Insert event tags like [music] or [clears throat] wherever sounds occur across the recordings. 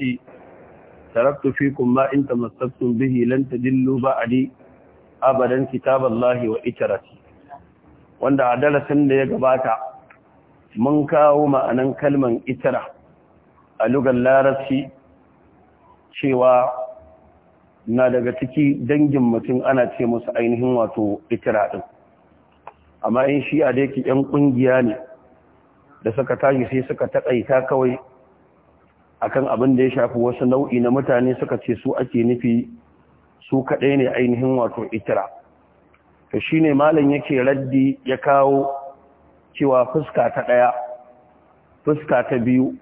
ati taraktu fikum ma in tamassaktum bihi lan tadillu ba'di abadan kitaballahi wa itrati wanda a darasin da ya gabata mun kawo ma'anan kalman itira a lugar larabci cewa na daga ciki dangin mutum ana ce musu ainihin wato itira din. amma in shi a da ki 'yan ƙungiya ne da suka tashi sai suka taƙaita kawai akan abin da ya shafi wasu nau'i na mutane suka ce su ake nufi su kaɗai ne ainihin wato itira to shine malam yake raddi ya kawo cewa fuska ta ɗaya fuska ta biyu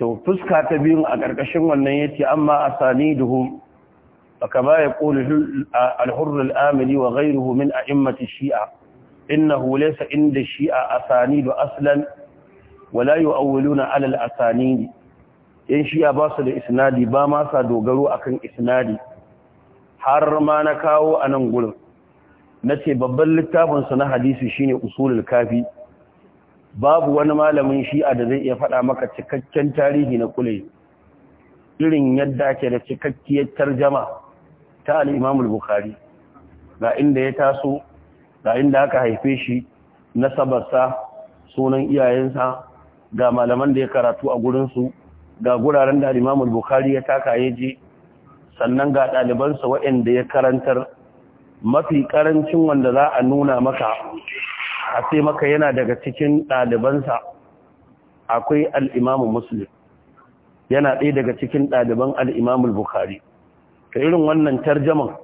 to fuska ta biyun a ƙarƙashin wannan yace amma ya asaniduhum فكما يقول الحر الآملي وغيره من shi'a innahu laysa inda عند الشيعة أسانيد Aslan. wala yu'awwiluna na al-asanid yan shi'a ba su da isnadi ba ma sa dogaro kan isnadi har ma na kawo a nan gurin nace babban littafin su na hadisi shine usulul kafi babu wani malamin shi'a da zai iya faɗa maka cikakken tarihi na kule irin yadda ke da cikakkiyar tarjama ta al-Imam al-Bukhari ga inda ya taso ga inda aka haife shi nasabarsa sunan iyayensa ga malaman da ya karatu a gurinsu ga guraren da imamul Bukhari ya taka ya je sannan ga ɗalibansa waɗanda ya karantar mafi ƙarancin wanda za a nuna maka a sai maka yana daga cikin ɗalibansa akwai al’imamun muslim yana ɗaya daga cikin ɗaliban al’imamun Bukhari, ta irin wannan tarjaman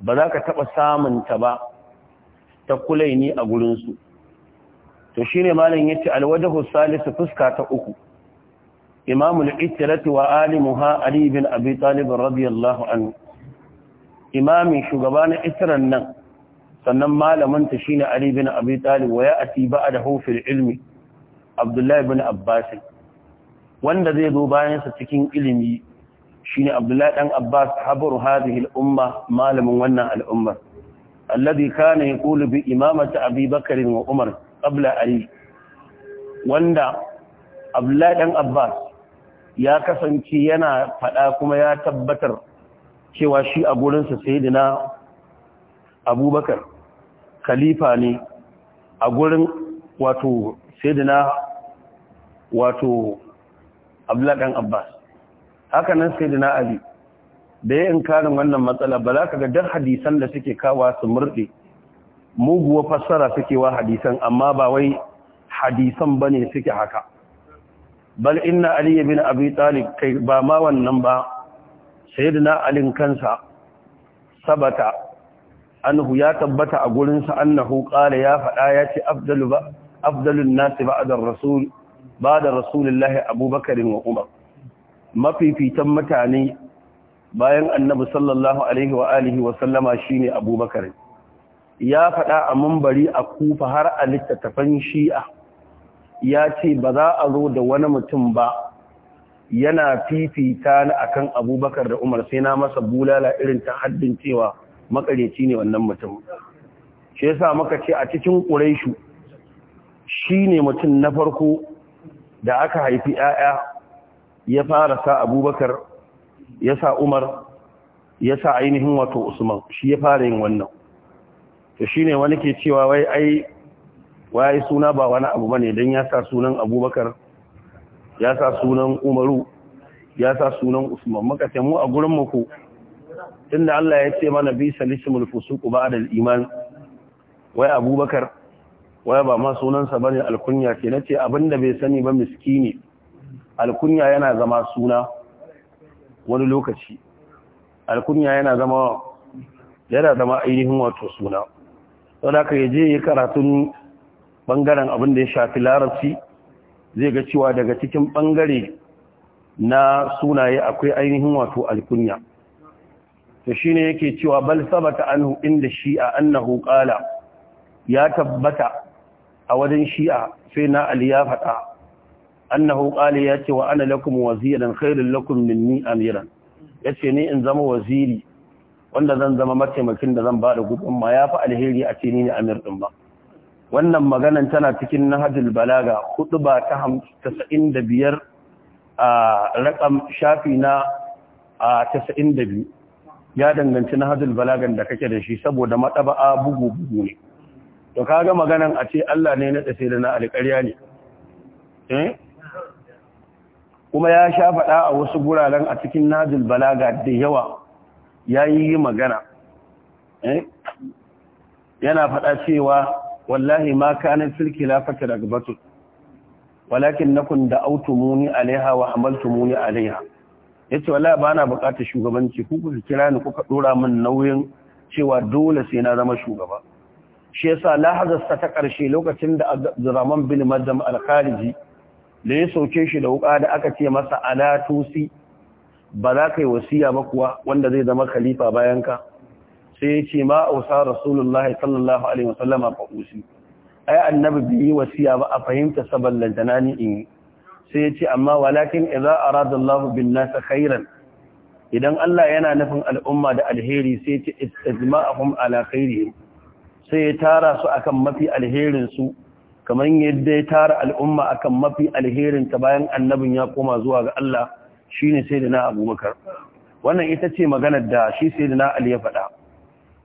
ba za ka taɓa samunta ba ta kulai ni a gurinsu to shine malam yace alwajhu salisu fuska ta uku imamul ittirati wa alimuha ali bin abi talib radiyallahu anhu Imami shugaba na itiran nan sannan malamin ta shine ali bin abi talib wa ya'ti ba'dahu fil ilmi abdullahi abbas wanda zai zo bayan sa cikin ilimi shine abdullahi dan abbas habaru hadhihi al umma malamin wannan al umma alladhi kana yaqulu bi imamati abi bakr wa umar ali wanda abdullahi dan abbas ya kasance yana faɗa kuma ya tabbatar cewa shi a gurinsa sayyidina abubakar khalifa ne a gurin wato sayyidina wato abdullahi dan abbas haka nan sayyidina ali da in inkarin wannan matsala ba za ka ga duk hadisan da suke kawa su murde muguwa fassara suke wa hadisan amma ba wai hadisan ba ne suke haka bal inna ali ibn abi talib kai ba ma wannan ba sayyidina ali kansa sabata anhu ya tabbata a gurin sa annahu qala ya fada ya ce afdalu ba afdalun nas ba'da rasul ba'da abubakar wa umar mafifitan mutane bayan annabi sallallahu alaihi wa alihi wa sallama shine abubakar ya faɗa a mambari a kufa har a littattafan shi'a ya ce ba za a zo da wani mutum ba yana fifita na akan abubakar da umar sai na masa bulala irin ta haddin cewa makareci ne wannan mutum shi yasa muka ce a cikin ƙuraishu shi ne mutum na farko da aka haifi 'ya'ya ya fara sa abubakar ya sa umar ya sa ainihin wato usman shi ya fara yin wannan to ne wani ke cewa wai ai wai suna ba wani abu bane don ya sa sunan Abubakar ya sa sunan Umaru ya sa sunan Usman maka ce mu a gurin mu inda tunda Allah ya ce mana bi salisimul ku ba al-iman wai Abubakar wai ba ma sunansa bane alkunya ce nace abinda bai sani ba miskini alkunya yana zama suna wani lokaci alkunya yana zama yana zama ainihin wato suna saboda ka yaje yi karatun bangaren abin da ya shafi larabci zai ga cewa daga cikin bangare na sunaye akwai ainihin wato alkunya to shine yake cewa bal sabata anhu inda shi'a annahu ya tabbata a wajen shi'a sai na aliya faɗa annahu qala ya ce wa ana lakum waziran khairul lakum minni amiran yace ne in zama waziri wanda zan zama mataimakin da zan bada da ma ya fi alheri a cini ne amir din ba wannan maganan tana cikin hajjul balaga hudu ba ta hamsin da biyar a rakam shafi na a tasa'in da biyu ya danganci nahajin balagan da kake da shi saboda maɗaba'a bugu bugu ne to kaga maganan a ce Allah ne na tsaye da na alƙarya ne eh? kuma ya sha faɗa a wasu guraren a cikin nahajin balaga da yawa ya yi magana eh, yana faɗa cewa wallahi ma kanin filki lafata daga batun walakin nakun da autumuni alaiha wa hamaltumuni alaiha ya ce wallahi ba na bukatar shugabanci ku kuka kira ni kuka ɗora min nauyin cewa dole sai na zama shugaba shi yasa lahazarsa ta ƙarshe lokacin da abdurrahman bin madam al da ya sauke shi da wuka da aka ce masa ala tusi ba za ka yi wasiya ba kuwa wanda zai zama khalifa bayan ka sai ya ce ma ausa rasulullahi sallallahu alaihi wasallama fa ai annabi bai yi wasiya ba a fahimta saban lantana ni in sai ya ce amma walakin idza arada Allah bin nas khairan idan Allah yana nufin al'umma da alheri sai ya ce a ala khairihim sai ya tara su akan mafi alherin su kamar yadda ya tara al'umma akan mafi alherin ta bayan annabin ya koma zuwa ga Allah shine na abubakar wannan ita ce maganar da shi sayyidina ali ya faɗa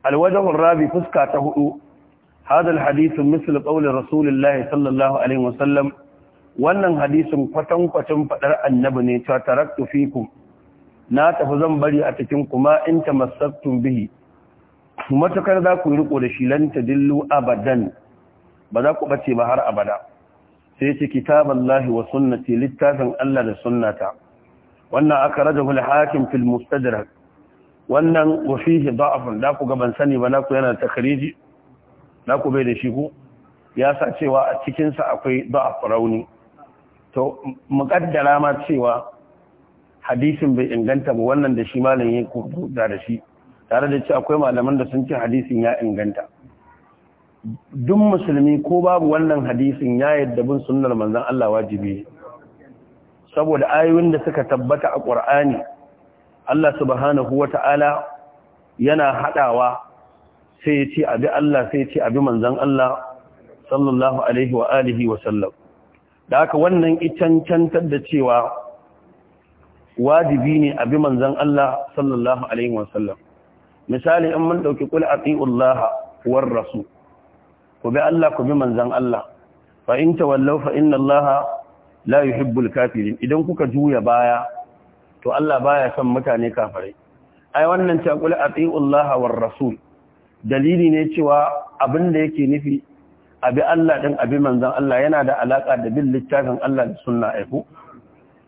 alwajhur rabi fuska ta hudu hadal hadisin misl qawli rasulullahi sallallahu alaihi wasallam wannan hadisin kwatankwacin faɗar annabi ne ta taraktu fiku. na tafi zan bari a cikin kuma in tamassaktum bihi matukar za ku riko da shi lan Dillu abadan ba za ku bace ba har abada sai ce kitaballahi wa sunnati littafin Allah da sunnata wannan aka rajahu al-hakim fil mustadrak wannan wa fihi da'afun da ku ga ban sani ba na ku yana takhriji na ku bai da shi ku ya sa cewa a cikin sa akwai da'af rauni to muqaddara ma cewa hadisin bai inganta ba wannan da shi malamin yake ku da shi tare da cewa akwai malaman da sun ce hadisin ya inganta duk musulmi ko babu wannan hadisin ya yadda bin sunnar manzon Allah wajibi saboda ayoyin da suka tabbata a ƙur'ani Allah subhanahu wa ta'ala yana haɗawa sai ya ce abi Allah sai ya ce abi manzan Allah sallallahu alaihi wa alihi wa sallam da haka wannan cantar da cewa wajibi ne abi manzan Allah sallallahu alaihi wa sallam misali in mun dauki kul atiullaha war rasul ku bi Allah ku bi manzan Allah fa in tawallaw fa inna Allah la yuhibbul kafirin idan kuka juya baya to Allah baya son mutane kafirai ai wannan cakula atiullaha war rasul dalili ne cewa abinda yake nufi abi Allah din abi manzon Allah yana da alaka da bin littafin Allah da sunna aiko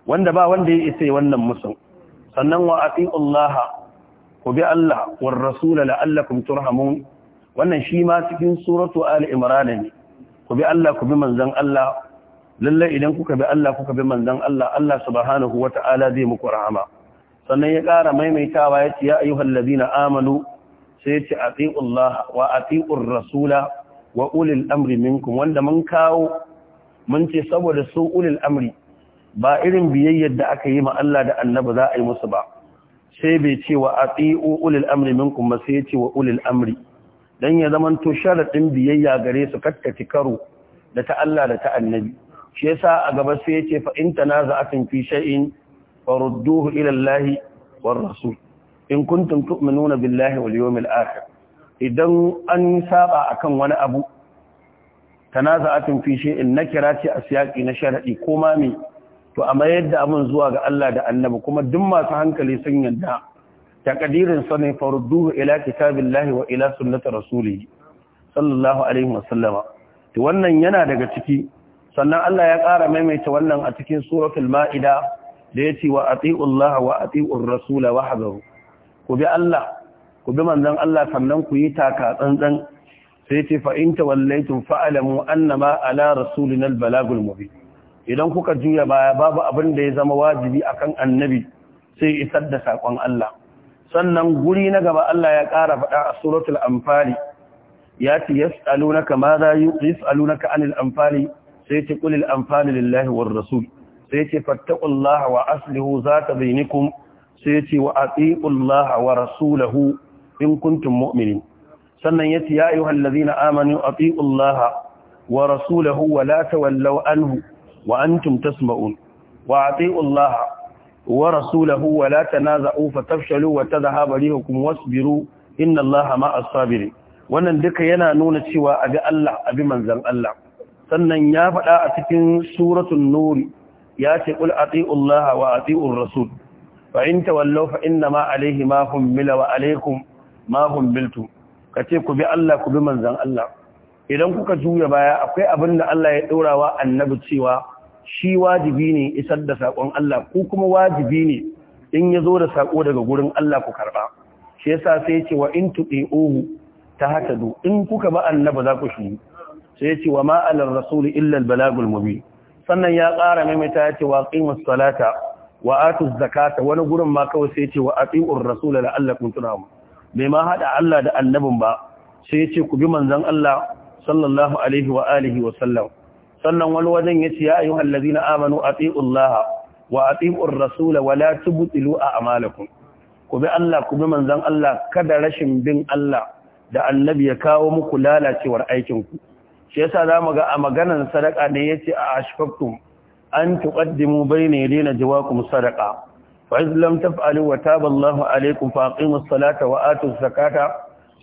wanda ba wanda ya isa wannan musun sannan wa atiullaha ku bi Allah war rasul la'allakum turhamun wannan shi ma cikin suratu ali imran ne ku bi Allah ku bi manzon Allah Lallai idan kuka bi Allah kuka bi manzon Allah Allah subhanahu wata'ala zai muku rahama sannan ya ƙara maimaitawa ya ce ya ayyuhal ladina amanu sai ya ce atiullah wa atiur rasula wa ulil amri minkum wanda mun kawo mun ce saboda su ulil amri ba irin biyayyar da aka yi ma Allah da annabi za a yi musu ba sai bai ce wa atiu ulil amri minkum ba sai ya ce wa ulil amri dan ya zaman to sharadin biyayya gare su kattaci karo da ta Allah da ta annabi shi yasa a gaba sai yace fa in tanaza'atum fi shay'in farudduhu ila Allah war rasul in kuntum tu'minuna billahi wal yawmil akhir idan an saba akan wani abu tanaza'atum fi shay'in nakira ce a siyaki na sharadi ko ma me to amma yadda abun zuwa ga Allah da Annabi kuma duk masu hankali sun yadda takadirin sa ne farudduhu ila kitabillahi wa ila sunnati rasulih sallallahu alaihi wasallama to wannan yana daga ciki sannan Allah ya ƙara maimaita wannan a cikin suratul ma'ida da yace wa atiullaha wa atiur rasula ku bi Allah ku bi manzon Allah sannan ku yi taka tsantsan sai yace fa in tawallaytum fa'lamu annama ala rasulina albalagul mubin idan kuka juya baya babu abin da ya zama wajibi akan annabi sai isar da sakon Allah sannan guri na gaba Allah ya ƙara faɗa a suratul anfali ya ce yas'alunaka ma za yus'alunaka anil anfali sai ce kulil amfani lillahi war rasul sai ce fattaqullaha wa aslihu zata bainakum sai ce wa atiqullaha wa rasulahu in kuntum mu'minin sannan yace ya ayyuhal ladina amanu atiqullaha wa rasulahu wa la tawallaw anhu wa antum tasma'un wa atiqullaha wa rasulahu wa la tanaza'u fatafshalu wa tadhhabu rihukum wasbiru inna allaha ma'as sabirin wannan duka yana nuna cewa abi Allah abi manzan Allah sannan ya faɗa a cikin suratun nuri ya ce ƙul a Laha wa a rasul fa'in tawallau fa'in na ma'alaihi mahun mila wa alaikun mahun biltu ka ce ku bi Allah ku bi manzan Allah idan kuka juya baya akwai abin da Allah ya ɗora wa annabi cewa shi wajibi ne isar da saƙon Allah ku kuma wajibi ne in ya zo da saƙo daga gurin Allah ku karɓa shi yasa sai ce wa in tuɗe ohu ta hatadu in kuka ba annabi za ku shi sai ya ce wa ma'alar rasuli illal balagul mubi sannan ya ƙara maimaita ya ce wa qimus salata wa atuz zakata wani gurin ma kawai sai ya ce wa atiur rasul la'allakum turhamun bai ma haɗa Allah da annabin ba sai ya ce ku bi manzan Allah sallallahu alaihi wa alihi wa sallam sannan wani wajen ya ce ya ayyuhal ladina amanu atiullaha wa atiur rasul wa la tubtilu a'malakum ku bi Allah ku bi manzon Allah kada rashin bin Allah da annabi ya kawo muku lalacewar aikinku shi yasa za mu ga a maganar sadaka ne ya ce a ashfaktu an tuqaddimu bayna yadayna jawakum sadaqa fa iz lam taf'alu wa taba Allahu alaykum fa aqimus salata wa atuz zakata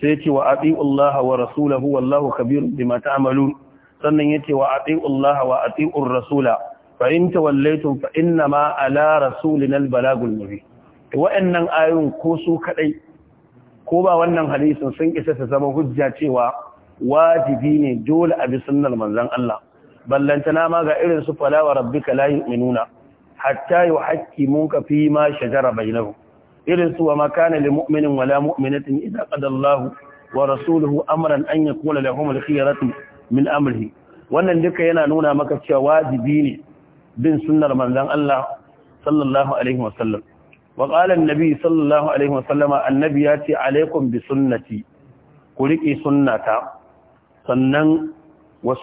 sai ce wa atiu Allah wa rasulahu wallahu khabirun bima ta'malun sannan yace wa atiu Allah wa atiu rasula fa in tawallaytum fa inna ma ala rasulina al-balagul mubin wa'annan ayoyin ko su kadai ko ba wannan hadisin sun isa su zama hujja cewa wajibi ne dole a bi sunnar manzon Allah ballantana ma ga irin su fala wa rabbika la yu'minuna hatta yuhaqqimuka fi ma shajara bainahum irin su wa ma kana lil mu'minin wala mu'minatin idza qada Allah wa rasuluhu amran an yakuna lahum al-khiyaratu min amrihi wannan duka yana nuna maka cewa wajibi ne bin sunnar manzon Allah sallallahu alaihi wasallam wa qala an-nabi sallallahu alaihi wasallama annabi ya ce alaikum bi sunnati ku riƙe sunnata sannan [clears throat] wa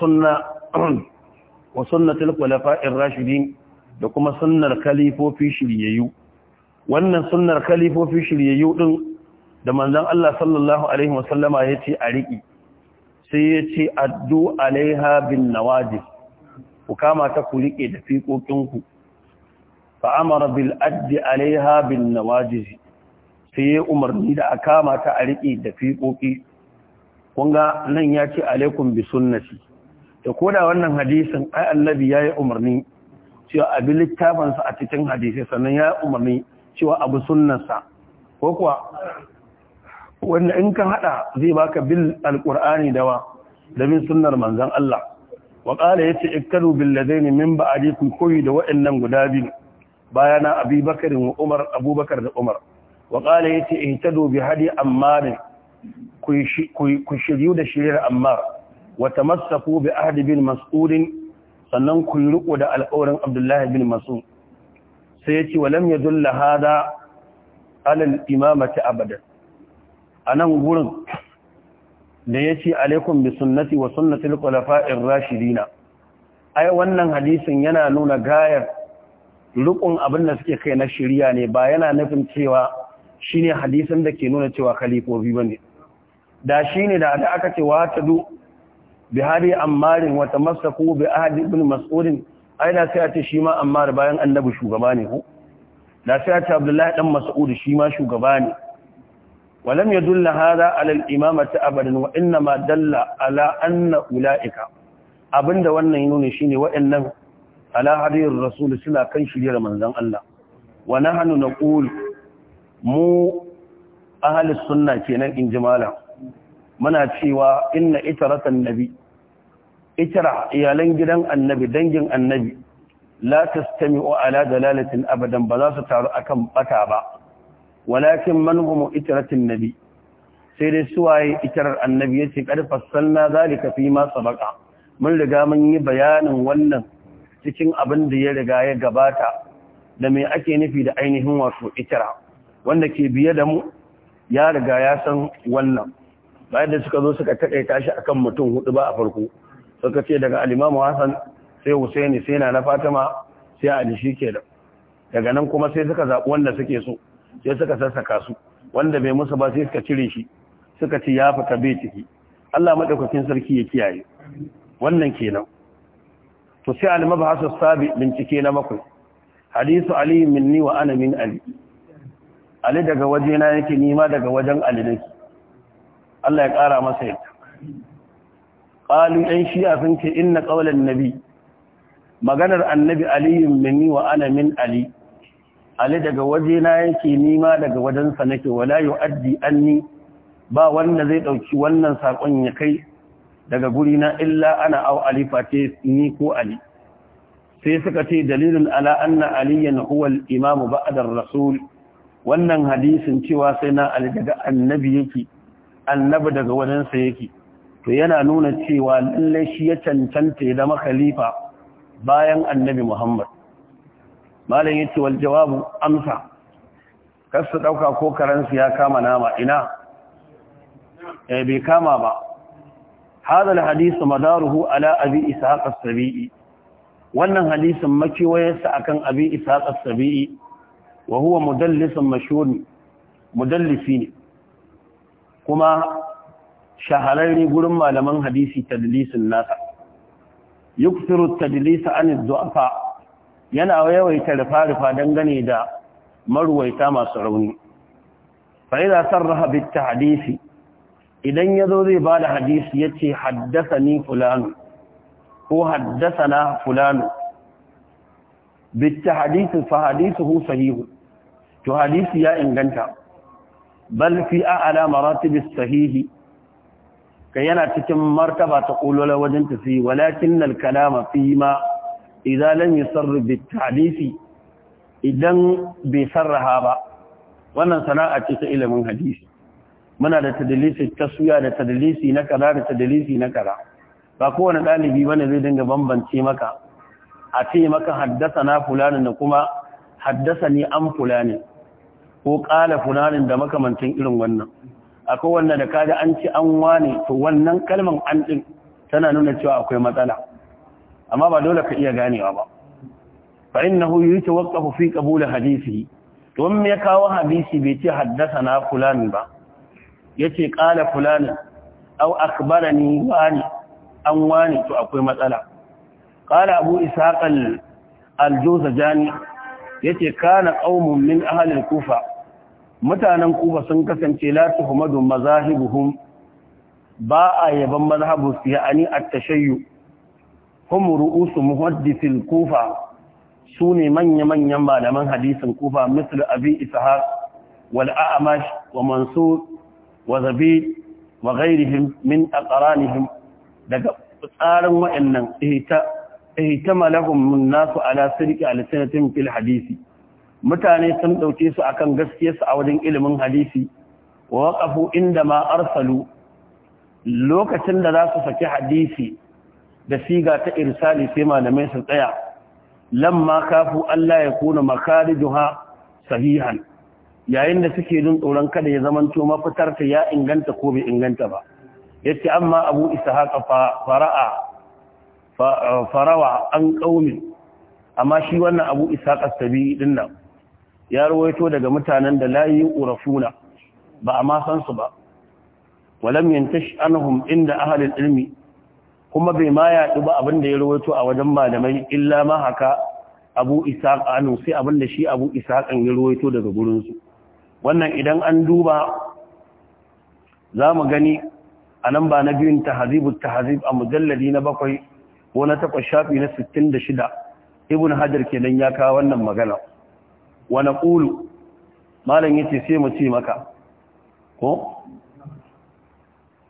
sunnatul khulafa'ir rashidin da kuma sunnar kalifofi shiryayyu wannan sunnar kalifofi shiryayyu din da manzon Allah sallallahu alaihi wasallama yace a riki sai yace addu alaiha bin nawajib ku kama ta ku rike da fiƙoƙinku fa amara bil addi alaiha bin nawajib sai ya umarni da a kama ta a rike da fiƙoƙi kun ga nan ya ce alaikum bi sunnati da koda wannan hadisin ai annabi yayi umarni cewa abi littafansa a cikin hadisi sannan ya umarni cewa abu sunnarsa ko kuwa wanda in ka hada zai baka bil alqur'ani dawa da bin sunnar manzon Allah wa qala yace ikkadu bil ladaini min ba'dikum kuyi da wa'annan guda biyu bayana abubakar wa umar abubakar da umar wa qala yace ihtadu bi hadi ammar ku shiryu da shirin amma wata masafu bi ahdi bin mas'udin sannan ku yi riko da alƙawarin abdullahi bin mas'ud sai ya ce wa ya dulla hada alal imamati abadan a nan gurin da ya ce alaikum bi sunnati wa sunnati al rashi rashidina ai wannan hadisin yana nuna gayar rukun abin da suke kai na shirya ne ba yana nufin cewa shine hadisin da ke nuna cewa khalifofi bane da shi ne da da aka ce wa ta du bi hadi ammarin wa tamassaku bi ahadi ibn Mas'udin. ai da sai a ce shi ma ammar bayan annabi shugaba ne ko da sai a ce abdullahi dan mas'ud shi ma shugaba ne ولم يدل هذا على الإمامة أبدا وإنما دل على Anna أولئك abinda wannan yi nuna shine waɗannan ala hadiyar rasul suna kan shiriyar manzon Allah wa nahnu naqul mu ahli sunna kenan in jimala muna cewa inna itaratan nabi itara iyalan gidan annabi dangin annabi la tastami'u ala dalalatin abadan ba za su taru akan bata ba walakin man hum itratin nabi sai dai su waye itarar annabi yace karfa sanna zalika fi ma sabaka mun riga mun yi bayanin wannan cikin abin da ya riga ya gabata da me ake nufi da ainihin wato itara wanda ke biye da mu ya riga ya san wannan bayan da suka zo suka takaita shi akan mutum hudu ba a farko suka ce daga alimamu hassan sai husaini sai na na fatima sai ali shi ke da daga nan kuma sai suka zaɓi wanda suke so sai suka sassaka su wanda bai musu ba sai suka cire shi suka ci ya fita bai ciki allah maɗaukakin sarki ya kiyaye wannan kenan to sai hassan sabi bincike na bakwai hadisu ali minni wa ana min ali ali daga waje na yake nima daga wajen ali nake Allah ya ƙara masa yadda ƙalu ɗan shi'a sun ce inna ƙaular nabi maganar annabi aliyun mini wa ana min ali ali daga wajena yake nima daga wajensa nake wala yu'addi anni ba wanda zai ɗauki wannan saƙon ya kai daga gurina illa ana au Ali ce ni ko ali sai suka ce dalilin ala anna aliyan huwa al-imam rasul wannan hadisin cewa sai na ali daga annabi yake annabi daga wajensa yake to yana nuna cewa lalle shi ya cancanta ya zama khalifa bayan annabi Muhammad malam yace wal jawabu amsa su dauka ko karansu ya kama nama ina eh bai kama ba هذا الحديث مداره على أبي إسحاق السبيعي wannan hadisin makiwayarsa akan abi ishaq as-sabi'i wa huwa mudallisun mashhur ne kuma shahararre gurin malaman hadisi tadlisin nasa yuktiru tadlisa an du'afa yana yawaita rufa-rufa dangane da marwaita masu rauni fa idza sarraha bit tahdisi idan yazo zai bada hadisi yace haddathani fulanu ko haddathana fulanu bit tahdisi fa hadithuhu sahih to hadisi ya inganta bal fi a'la maratib sahihi. kai yana cikin martaba ta kulula wajen tafi walakin al-kalama fi ma idza lam yusarr bi ta'lifi idan bai sarraha ba wannan sana'a ce ta ilimin hadisi muna da tadlisi suya da tadlisi na kaza da tadlisi na kaza ba kowane dalibi bane zai dinga bambance maka a ce maka haddasa na fulani da kuma haddasa ni an fulani ko ƙala fulanin da makamancin irin wannan akwai kowanne da kaji an ci an wane to wannan kalman an ɗin tana nuna cewa akwai matsala amma ba dole ka iya ganewa ba fa innahu yatawaqqafu fi qabul hadisi to me ya kawo hadisi bai ce haddasa na fulan ba yace qala fulan aw akhbarani wani an wani to akwai matsala qala abu isaqal al-juzajani yace kana qaumun min ahli al-kufa mutanen kuba sun kasance la tuhmadu mazahibuhum ba a yaban mazhabu su ya'ani a tashayyu hum ru'usu muhaddithil kufa sune manya-manyan malaman hadisin kufa misal abi isahar wal a'amash wa mansur wa zabid wa ghayrihim min aqranihim daga tsarin wa'annan ihta ihtamala nasu ala sirqi al-sanatin fil hadisi mutane sun ɗauke su akan gaskiyarsu a wajen ilimin hadisi wa waƙafu inda ma arsalu lokacin da za su saki hadisi da siga ta irsali sai malamai su tsaya lamma kafu Allah ya kuna makarijuha sahihan yayin da suke jin tsoron kada ya zamanto mafitar ta ya inganta ko bai inganta ba yace amma Abu Ishaq fara'a farawa an qaumi amma shi wannan Abu Ishaq as-Sabi din nan ya ruwaito daga mutanen da layi urafuna ba a ma san su ba walam yantash anhum inda ahalin ilmi kuma bai ma yaɗu ba abin da ya ruwaito a wajen malamai illa ma haka abu isaq anu sai abin da shi abu an ya ruwaito daga gurin wannan idan an duba za mu gani a nan ba na biyun tahazibu tahazib a mujalladi na bakwai ko na takwas shafi na 66 ibn hajar kenan ya kawo wannan magana wa ƙulu malam ce sai mu ce maka ko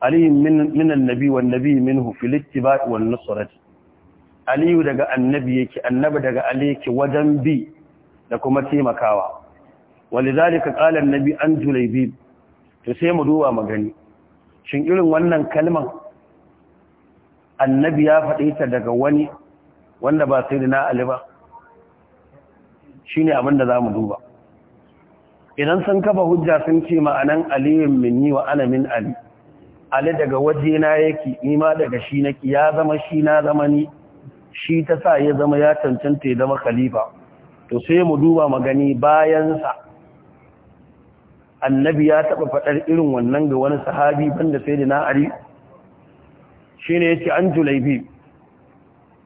ali minan nabi wa nabi minhu fil ba wa nasarati aliyu daga annabi yake annabi daga ali yake wajen bi da kuma taimakawa zalika qala nabi an bi? to sai mu duba magani shin irin wannan kalman annabi ya faɗe ta daga wani wanda ba sai da na ali ba Shi ne abin da mu duba idan sun kafa hujja sun ce ma'anan aliyun minni wa ana ali ali daga waje na yake nima ma daga shi na ya zama shi na zama ni shi ta sa ya zama ya cancanta ya zama khalifa to sai mu duba magani bayansa. annabi ya taba faɗar irin wannan ga wani sahabi banda Shi ne ya ce an julaibib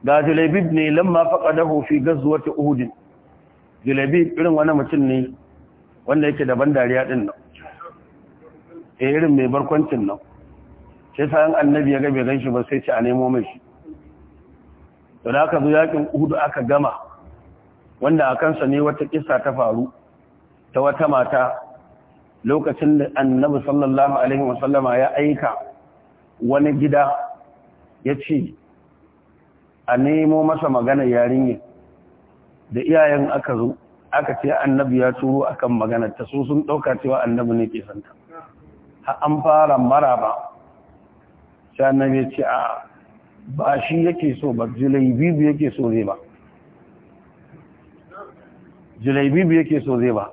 ga julaibib ne lamma faƙa fi gazuwar uhud gilabi irin wani mutum ne wanda yake daban dariya din nan e irin mai barkwancin nan sai sayan annabi ya ga bai shi ba sai ce a nemo mai shi da aka zo yakin Hudu aka gama wanda a kansa ne wata kisa ta faru ta wata mata lokacin da annabi sallallahu alaihi wasallama ya aika wani gida ya ce a nemo masa magana yarinyar da iyayen aka zo aka ce annabi ya turo akan magana ta su sun dauka cewa annabi ne ke santa ha an fara maraba sai annabi ya ce a ba shi yake so ba julaibibu yake so zai ba julaibibu yake so zai ba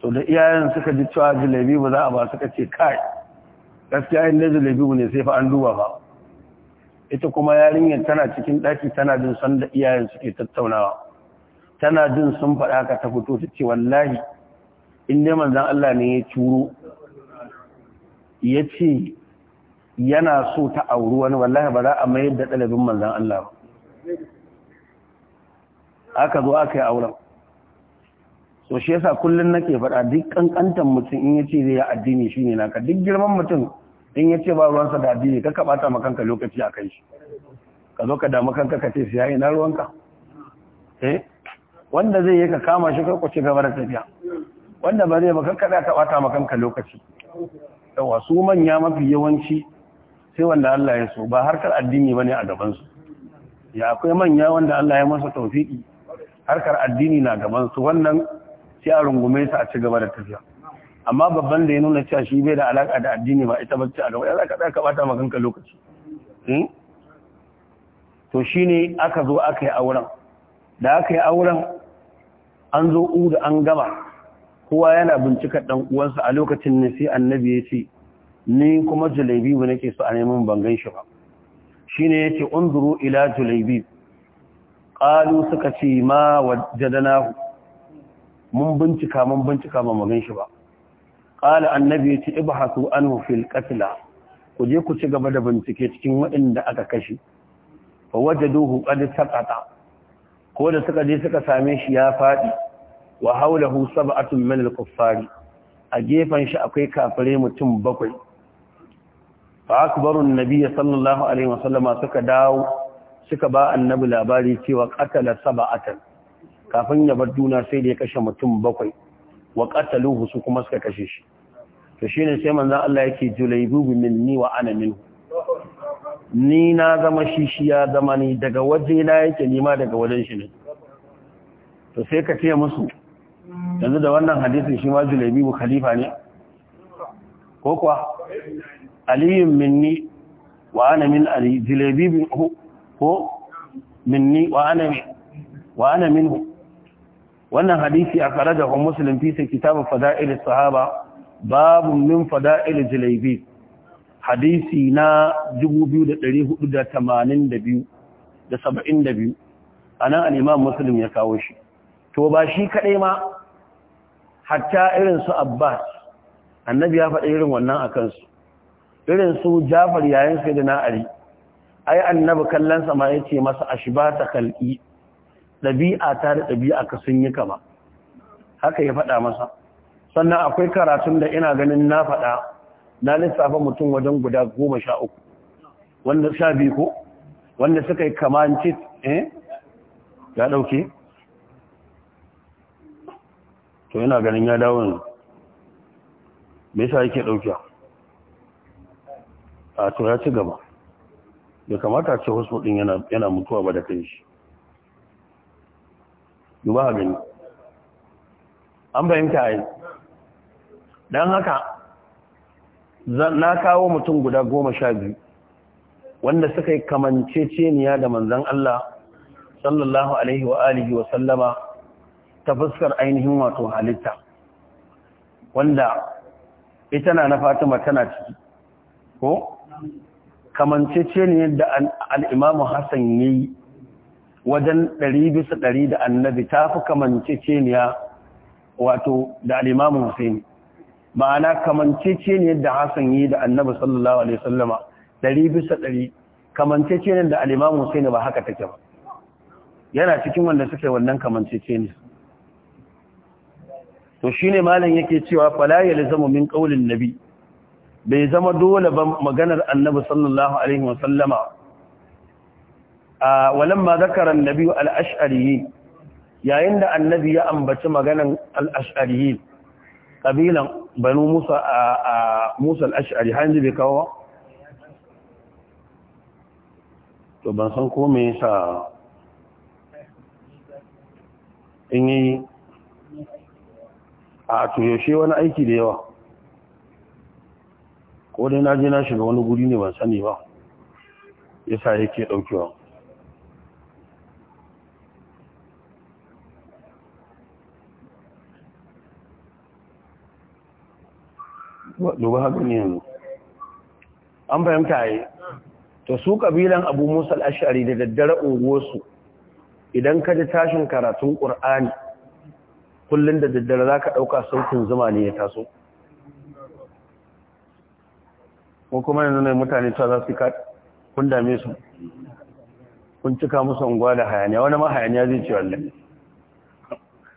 to da iyayen suka ji cewa julaibibu za a ba suka ce kai gaskiya inda julaibibu ne sai fa an duba ba ita kuma yarinyar tana cikin ɗaki tana jin san da iyayen suke tattaunawa tana jin sun faɗa ka ta fito ta ce wallahi in dai manzan Allah ne ya curo ya ce yana so ta auri wani wallahi ba za a mayar da ɗalibin manzan Allah ba aka zo aka yi auren so shi yasa kullum nake faɗa duk ƙanƙantar mutum in ya ce zai yi addini shi ne naka duk girman mutum in ya ce ba ruwansa da addini ka ka bata makanka lokaci a kai shi ka zo ka damu kanka ka ce siya ina ruwanka eh wanda zai yi ka kama shi ka ci gaba da tafiya wanda ba zai ba kanka za ka bata makanka lokaci yawa su manya mafi yawanci sai wanda Allah ya so ba harkar addini bane a gaban su ya akwai manya wanda Allah ya masa tawfiki harkar addini na gaban su wannan sai a rungume su a ci gaba da tafiya amma babban da ya nuna cewa shi bai da alaka da addini ba ita bacci a gaba ya zaka tsaya bata maganka lokaci hmm? to shine aka zo aka yi auren da aka yi auren an zo uda an gama kowa yana bincika dan uwansa a lokacin ne sai annabi ya ce ni kuma jalebi ba nake so a neman bangan shi ba shine yace unzuru ila jalebi qalu suka ce ma wajadnahu mun bincika mun bincika ba mu gan shi ba ƙala annabi ya ce ibhasu anhu fil ku je ku ci gaba da bincike cikin waɗanda aka kashe fa wajaduhu qad saqata ko da suka je suka same shi ya faɗi wa haulahu sab'atun min al-kuffari a gefen shi akwai kafire mutum bakwai fa akbarun nabiyyi sallallahu alaihi suka dawo suka ba annabi labari cewa qatala sab'atan kafin ya bar duna sai da ya kashe mutum bakwai wa qataluhu su kuma suka kashe shi to shine sai manzo Allah yake julaybu minni wa ana minhu ni na zama shi shi ya zama ni daga waje na yake nima daga wajen shi ne to sai ka ce musu yanzu da wannan hadisin shi ma julaybu khalifa ne ko kuwa aliyun minni wa ana min ali julaybu ko minni wa ana wa ana minhu wannan hadisi a kharajahu muslim fi kitab fada'il sahaba babu min fada'il jilaybi hadisi na 2482 da 72 anan nan imam muslim ya kawo shi to ba shi kaɗai ma hatta irin su abbas annabi ya faɗi irin wannan a kansu irin su jafar yayin sai da na'ari ai annabi kallon sama ya ce masa ashbata kalƙi ɗabi'a ta da ɗabi'a ka sun yi kama haka ya faɗa masa sannan akwai karatun da ina ganin na faɗa na lissafa mutum wajen guda goma sha uku wanda sha biyu ko wanda suka yi kamanci eh ya ɗauke to ina ganin ya dawo ne me yasa yake ɗauke a to ya ci gaba ya kamata ce wasu ɗin yana mutuwa ba da kai shi duba gani an fahimta yi Dan haka na kawo mutum guda goma sha biyu wanda suka yi kamanceceniya da manzan Allah sallallahu alaihi wa wa sallama ta fuskar ainihin wato halitta wanda ita na na fatima tana ciki ko ne da al'imamu hassan yi wajen ɗari bisa ɗari da annabi ta fi kamanceceniya wato da alimamu Hussein ma'ana kamanceceniyar da Hassan yi da annabi sallallahu alaihi wasallama ɗari bisa ɗari kamanceceniyar da alimamu Hussein ba haka take ba yana cikin wanda suke wannan kamanceceniyar to shi ne malam yake cewa fala zama min qaulin nabi bai zama dole ba maganar annabi sallallahu alaihi wasallama walamma zakaran nabi al-ash'ariyin yayin da annabi ya ambaci maganan al-ash'ariyin kabilan banu musa a musa al-ash'ari bai kawo to ban san ko me yasa in yi a tuyoshe wani aiki da yawa ko dai na je na shiga wani guri ne ban sani ba yasa yake ɗaukewa duba haka ne yanzu an fahimta yi to su kabilan abu musa al'ashari da daddare unguwarsu idan ka ji tashin karatun ƙur'ani kullum da daddare za ka ɗauka sautin zuma ne ya taso ko kuma yanzu ne mutane ta za su kun dame su kun cika musu unguwa da hayaniya wani ma hayaniya zai ce wallahi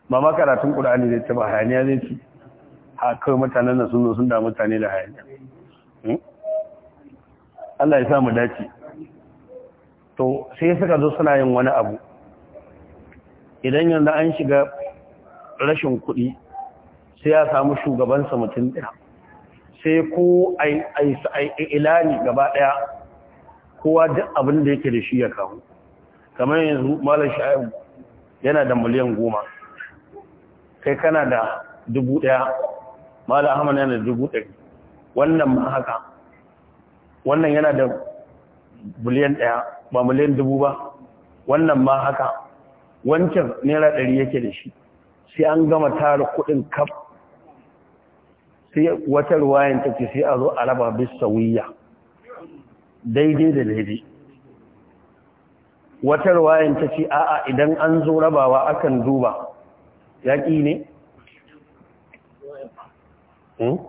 ma ma karatun zai ce ba hayaniya zai ce a mutanen nan sun sun da mutane da hayaniya hmm? Allah ya samu dace to sai suka zo suna yin wani abu idan yanzu an shiga rashin kuɗi sai ya samu shugabansa mutum ɗaya sai ko ilani gaba ɗaya kowa duk abin da yake da shi ya kawo kamar yanzu malar sha'ibu yana da miliyan goma kai kana da dubu ɗaya mala ahmad yana da dubu ɗari wannan ma haka wannan yana da biliyan ɗaya ba miliyan dubu ba wannan ma haka wancan naira ɗari yake da shi sai an gama tara kuɗin kaf sai wata ruwayan take sai a zo a raba wuya daidai da daidai wata ruwayan ta ce a'a idan an zo rabawa akan duba yaƙi ne shinin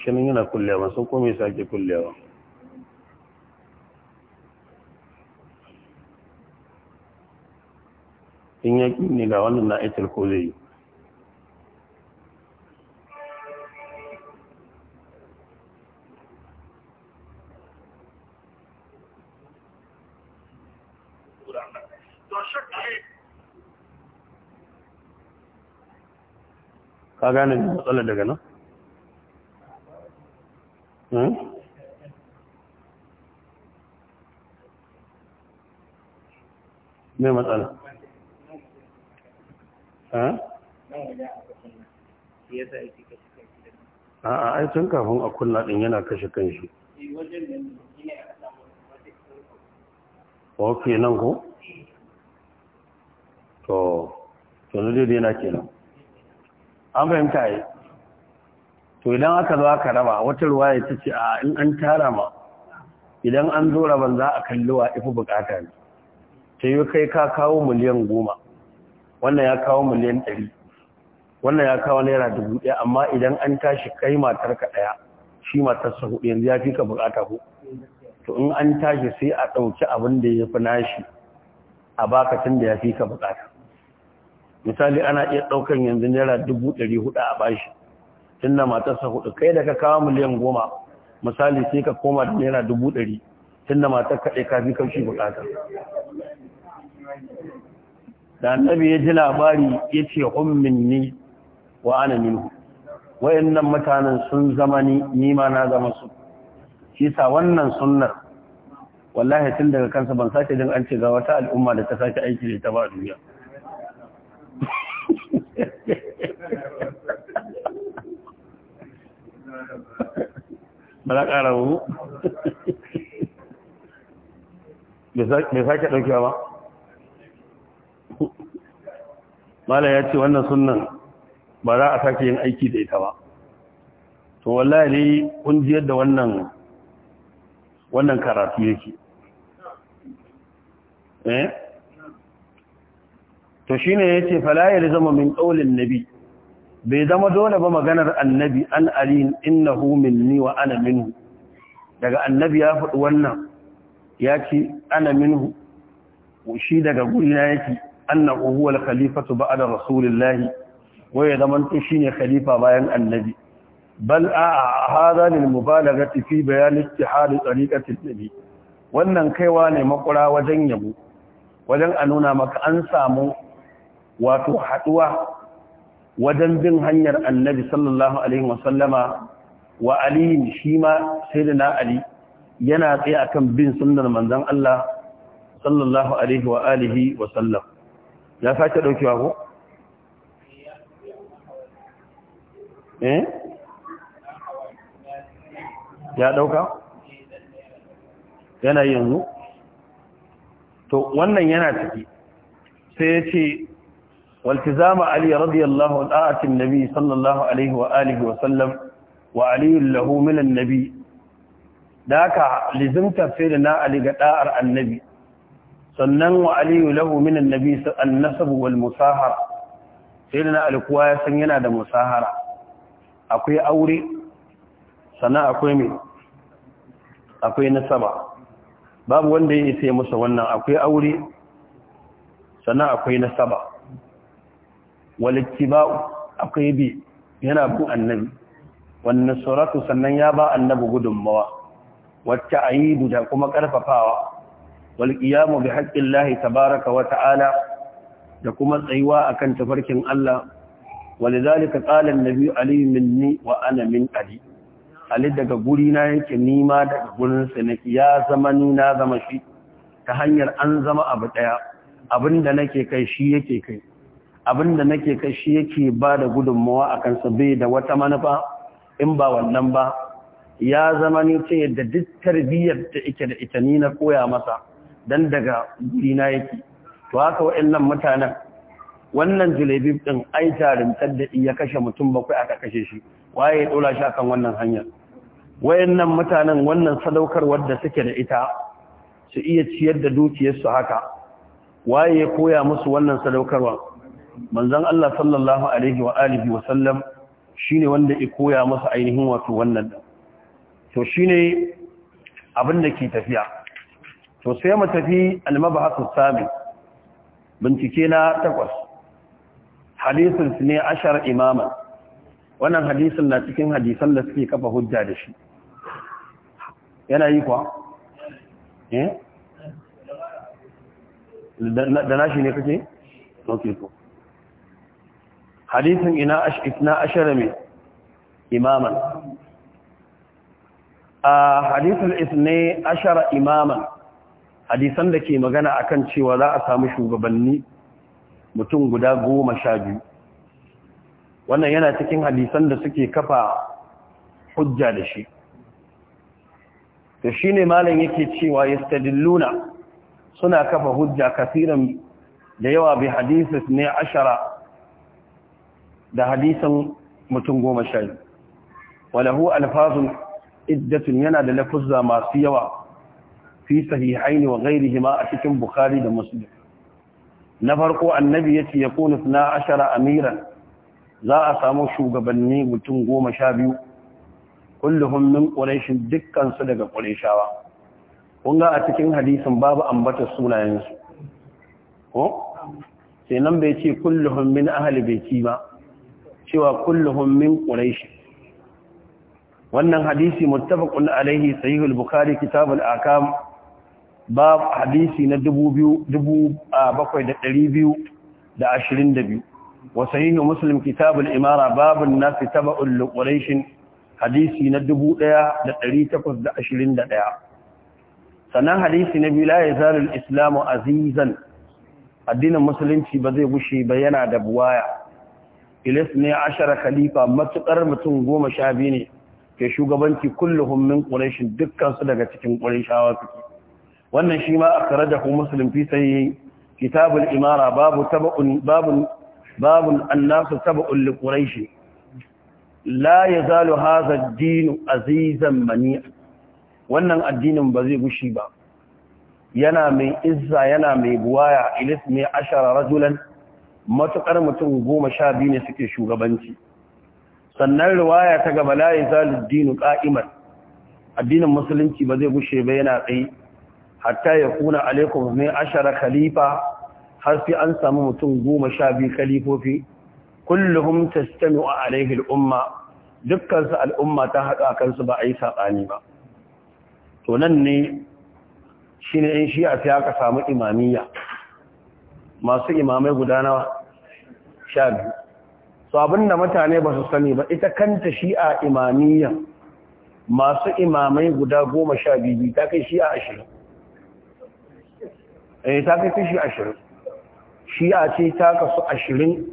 hmm? yana kullewa sun kome sake kullewa in yaƙi ne ga wannan na aitar ko zai yi ka gane matsalar daga nan hmm? Me matsala a ai tun kafin a kunna din yana kashe kan shi. ok nan ko to to ne dai yana kenan an fahimta yi to idan aka zo aka raba wata ruwa ya ce a in an tara ma idan an zo raban za a kalli wa ifi bukata ne ta yi kai ka kawo miliyan goma wannan ya kawo miliyan ɗari wannan ya kawo naira dubu ɗaya amma idan an tashi kai matar ka ɗaya shi matar sa hudu yanzu ya fi ka bukata ko to in an tashi sai a ɗauki abin da ya fi nashi a baka tun da ya fi ka bukata misali ana iya ɗaukan yanzu naira dubu ɗari hudu a bashi tunda matarsa hudu kai da ka kawo miliyan goma misali sai ka koma da naira dubu ɗari tun matar kaɗai ka fi kaushi buƙata da annabi ya ji labari ya ce hummin ni wa ana minhu wayannan mutanen sun zama ni ma na zama su shi sa wannan sunnar wallahi tun daga kansa ban sake jin an ce ga wata al'umma da ta sake aiki da ta ba duniya ba za ƙara hu bai sake ɗauke ba mala ya ce wannan sunan ba za a sake yin aiki da ita ba to wallahi ne kungiyar da wannan wannan karatu yake eh to shine yace fala yalzamu min qawlin nabi bai zama dole ba maganar annabi an aliyin innahu ni wa ana minhu daga annabi ya faɗi wannan ya ce ana minhu shi daga gurina ya annahu huwa al-khalifatu ba'da rasulillahi wai ya zama to shine khalifa bayan annabi bal a ba daga tafi fi ta ittihad tariqati nabi wannan kaiwa ne makura wajen yabo wajen a nuna maka an samu wato haɗuwa wajen bin hanyar annabi sallallahu alaihi wasallama wa Ali shi ma sai da na ali yana tsaye akan bin sunnar manzan Allah sallallahu alaihi wa alihi wasallam ya sake ɗaukewa ko? eh? ya ɗauka? yana yanzu? to wannan yana ciki sai ya ce والتزام علي رضي الله عنه آت النبي صلى الله عليه وآله وسلم وعلي له من النبي ذاك لزمت فينا علي قدار النبي sannan wa aliyu lahu min annabi annasab wal musahara sayyidina alkuwa ya san yana da musahara akwai aure sannan akwai nasaba babu wanda ya isa masa wannan akwai aure akwai nasaba walittiba'u akwai bi yana bin annabi wannan suratu sannan ya ba annabi gudunmawa wacce ayidu da kuma karfafawa wal qiyamu bi haqqillahi tabaaraka wa ta'ala da kuma tsayuwa akan tafarkin Allah walidhalika qala an-nabi ali minni wa ana min ali ali daga guri na yake nima daga gurin sa ya zama ni na zama shi ta hanyar an zama abu daya abinda nake kai shi yake kai Abin da nake kashi yake ba da gudunmawa a kansa bai da wata manufa in ba wannan ba ya zama ni ce da duk tarbiyyar da ike da ita ni na koya masa dan daga gurina yake to haka wa'annan mutanen wannan julebib din ai jarumtar da iya kashe mutum bakwai aka kashe shi waye ya dora shi akan wannan hanyar wa'annan mutanen wannan sadaukarwar da suke da ita su iya ciyar da dukiyarsu haka waye ya koya musu wannan sadaukarwa manzon Allah sallallahu alaihi wa alihi wa sallam shine wanda ya koya masa ainihin wato wannan to shine abin da ke tafiya to sai mu tafi al-mabhasu sami bincike na takwas hadisin ne ashar imaman wannan hadisin na cikin hadisan da suke kafa hujja da shi yana yi kwa? eh? da nashi ne kake? ok to hadisin ina ashna ashara imaman a hadisul isne ashara imaman hadisan da ke magana akan cewa za a samu shugabanni mutum guda goma sha biyu wannan yana cikin hadisan da suke kafa hujja da shi to shine malam yake cewa yastadilluna suna kafa hujja kafiran da yawa bi hadisis ne ashara da hadisan mutum goma sha walahu alfazun iddatun yana da lafuzza masu yawa fi sahihaini wa gairi-hima a cikin bukhari da musulun na farko annabi ya ce yace suna ashara amiran za a samu shugabanni mutum goma sha biyu kullum min ƙunashin dukkansu daga ƙunashawa ƙunga a cikin hadisin babu ambatar sunayensu ko sai nan bai ce kullum min ahalibai ci ba cewa kulluhum min quraish wannan hadisi muttafaqun alaihi sahih al-bukhari kitab al-akam bab hadisi na 2222 wa sahih muslim kitab al-imara bab an-nas tabu'un li quraish hadisi na 1821 sanan hadisi na biyu la yazalu al-islamu azizan addinin musulunci ba zai gushe ba yana da buwaya ilis ne ashara khalifa matuƙar mutum goma sha biyu ne ke shugabanci kullum min quraishin dukkan daga cikin quraishawa suke wannan shi ma akhrajahu muslim fi sahih kitab al-imara babu tabun babun babun an-nas li quraish la ya zalu haza din azizan mani'a wannan addinin ba zai gushi ba yana mai izza yana mai buwaya ilis ne ashara rajulan matuƙar mutum goma sha biyu ne suke shugabanci sannan riwaya ta gaba layi zaluddinu ƙa'imar addinin musulunci ba zai gushe ba yana tsaye hatta ya kuna alaikum mai ashara khalifa har sai an samu mutum goma sha biyu khalifofi kulluhum tastami'u alaihi al'umma Dukkansu al'umma ta haɗu a kansu ba a yi saɓani ba to nan ne shine in a fiya aka samu imamiyya masu imamai guda nawa sha biyu su da mutane ba su sani ba ita kanta shi'a imamiyya masu imamai guda goma sha biyu ta kai shi'a ashirin eh ta kai kashi ashirin shi'a ce ta kasu ashirin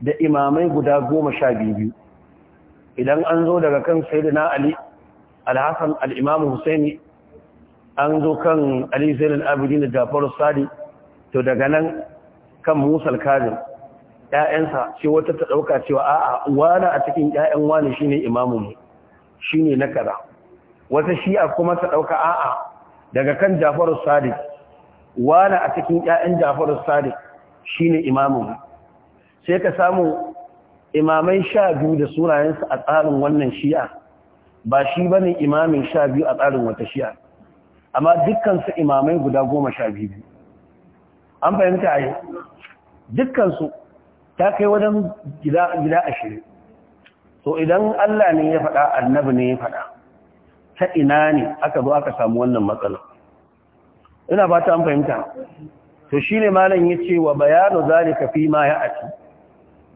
da imamai guda goma sha biyu idan an zo daga kan sayyidina ali alhassan al'imamu husaini an zo kan ali zainal abidin da jafaru sadi to daga nan kan musal kazin ‘ya'yansa ce wata ta ɗauka cewa a'a wani a cikin ‘ya'yan wani shi ne imamunmu shi ne na kaza wata shi'a kuma ta ɗauka a'a daga kan jafaru sadiq wani a cikin ‘ya'yan jafaru sadiq shi ne imamunmu sai ka samu imamai sha biyu da sunayensu a tsarin wannan shi'a ba shi ba ne imamin sha biyu a tsarin wata shi'a amma dukkansu imamai guda goma sha biyu an fahimta a yi dukkansu ta kai wajen gida ashirin to idan Allah ne ya faɗa annabi ne ya faɗa ta ina ne aka zo aka samu wannan matsala ina ba ta an fahimta to shi ne malam ya ce wa bayanu zalika fi ma ya ati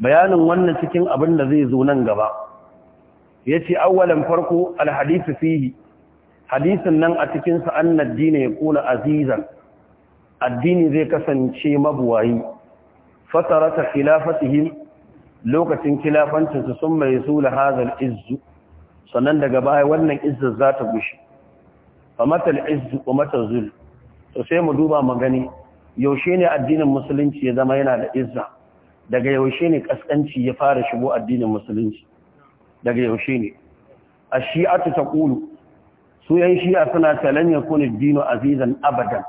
bayanin wannan cikin abin da zai zo nan gaba ya ce awwalan farko alhadisu fihi hadisin nan a cikinsa annad ne ya kuna azizan addini zai kasance mabuwayi fatarata khilafatihim lokacin khilafancin su sun mai zula hazal izzu sannan daga baya wannan izzu za ta gushi fa matal izzu wa matal zul to sai mu duba mu gani yaushe ne addinin musulunci ya zama yana da izza daga yaushe ne kaskanci ya fara shigo addinin musulunci daga yaushe ne a shi'atu ta su yan shi'a suna talan ya kone dino azizan abadan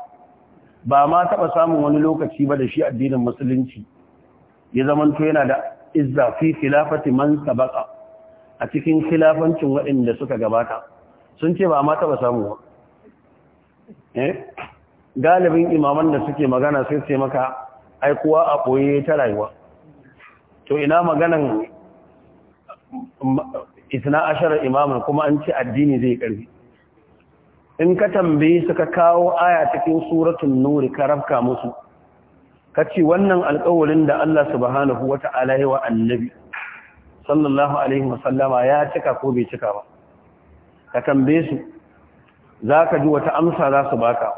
ba ma taɓa samun wani lokaci ba da shi addinin musulunci ya zamanto yana da izza fi khilafati man sabaka a cikin khilafancin waɗanda suka gabata sun ce ba ma taɓa samu ba eh? galibin imaman da suke magana sai ce maka ai a boye ta rayuwa to ina maganan isna ashara imaman kuma an ce addini zai karfi in ka tambaye su ka kawo aya cikin suratul nuri ka rafka musu ka ce wannan alƙawarin da Allah subhanahu wata'ala ya wa annabi sallallahu alaihi wasallama ya cika ko bai cika ba ka tambaye su za ka ji wata amsa za su baka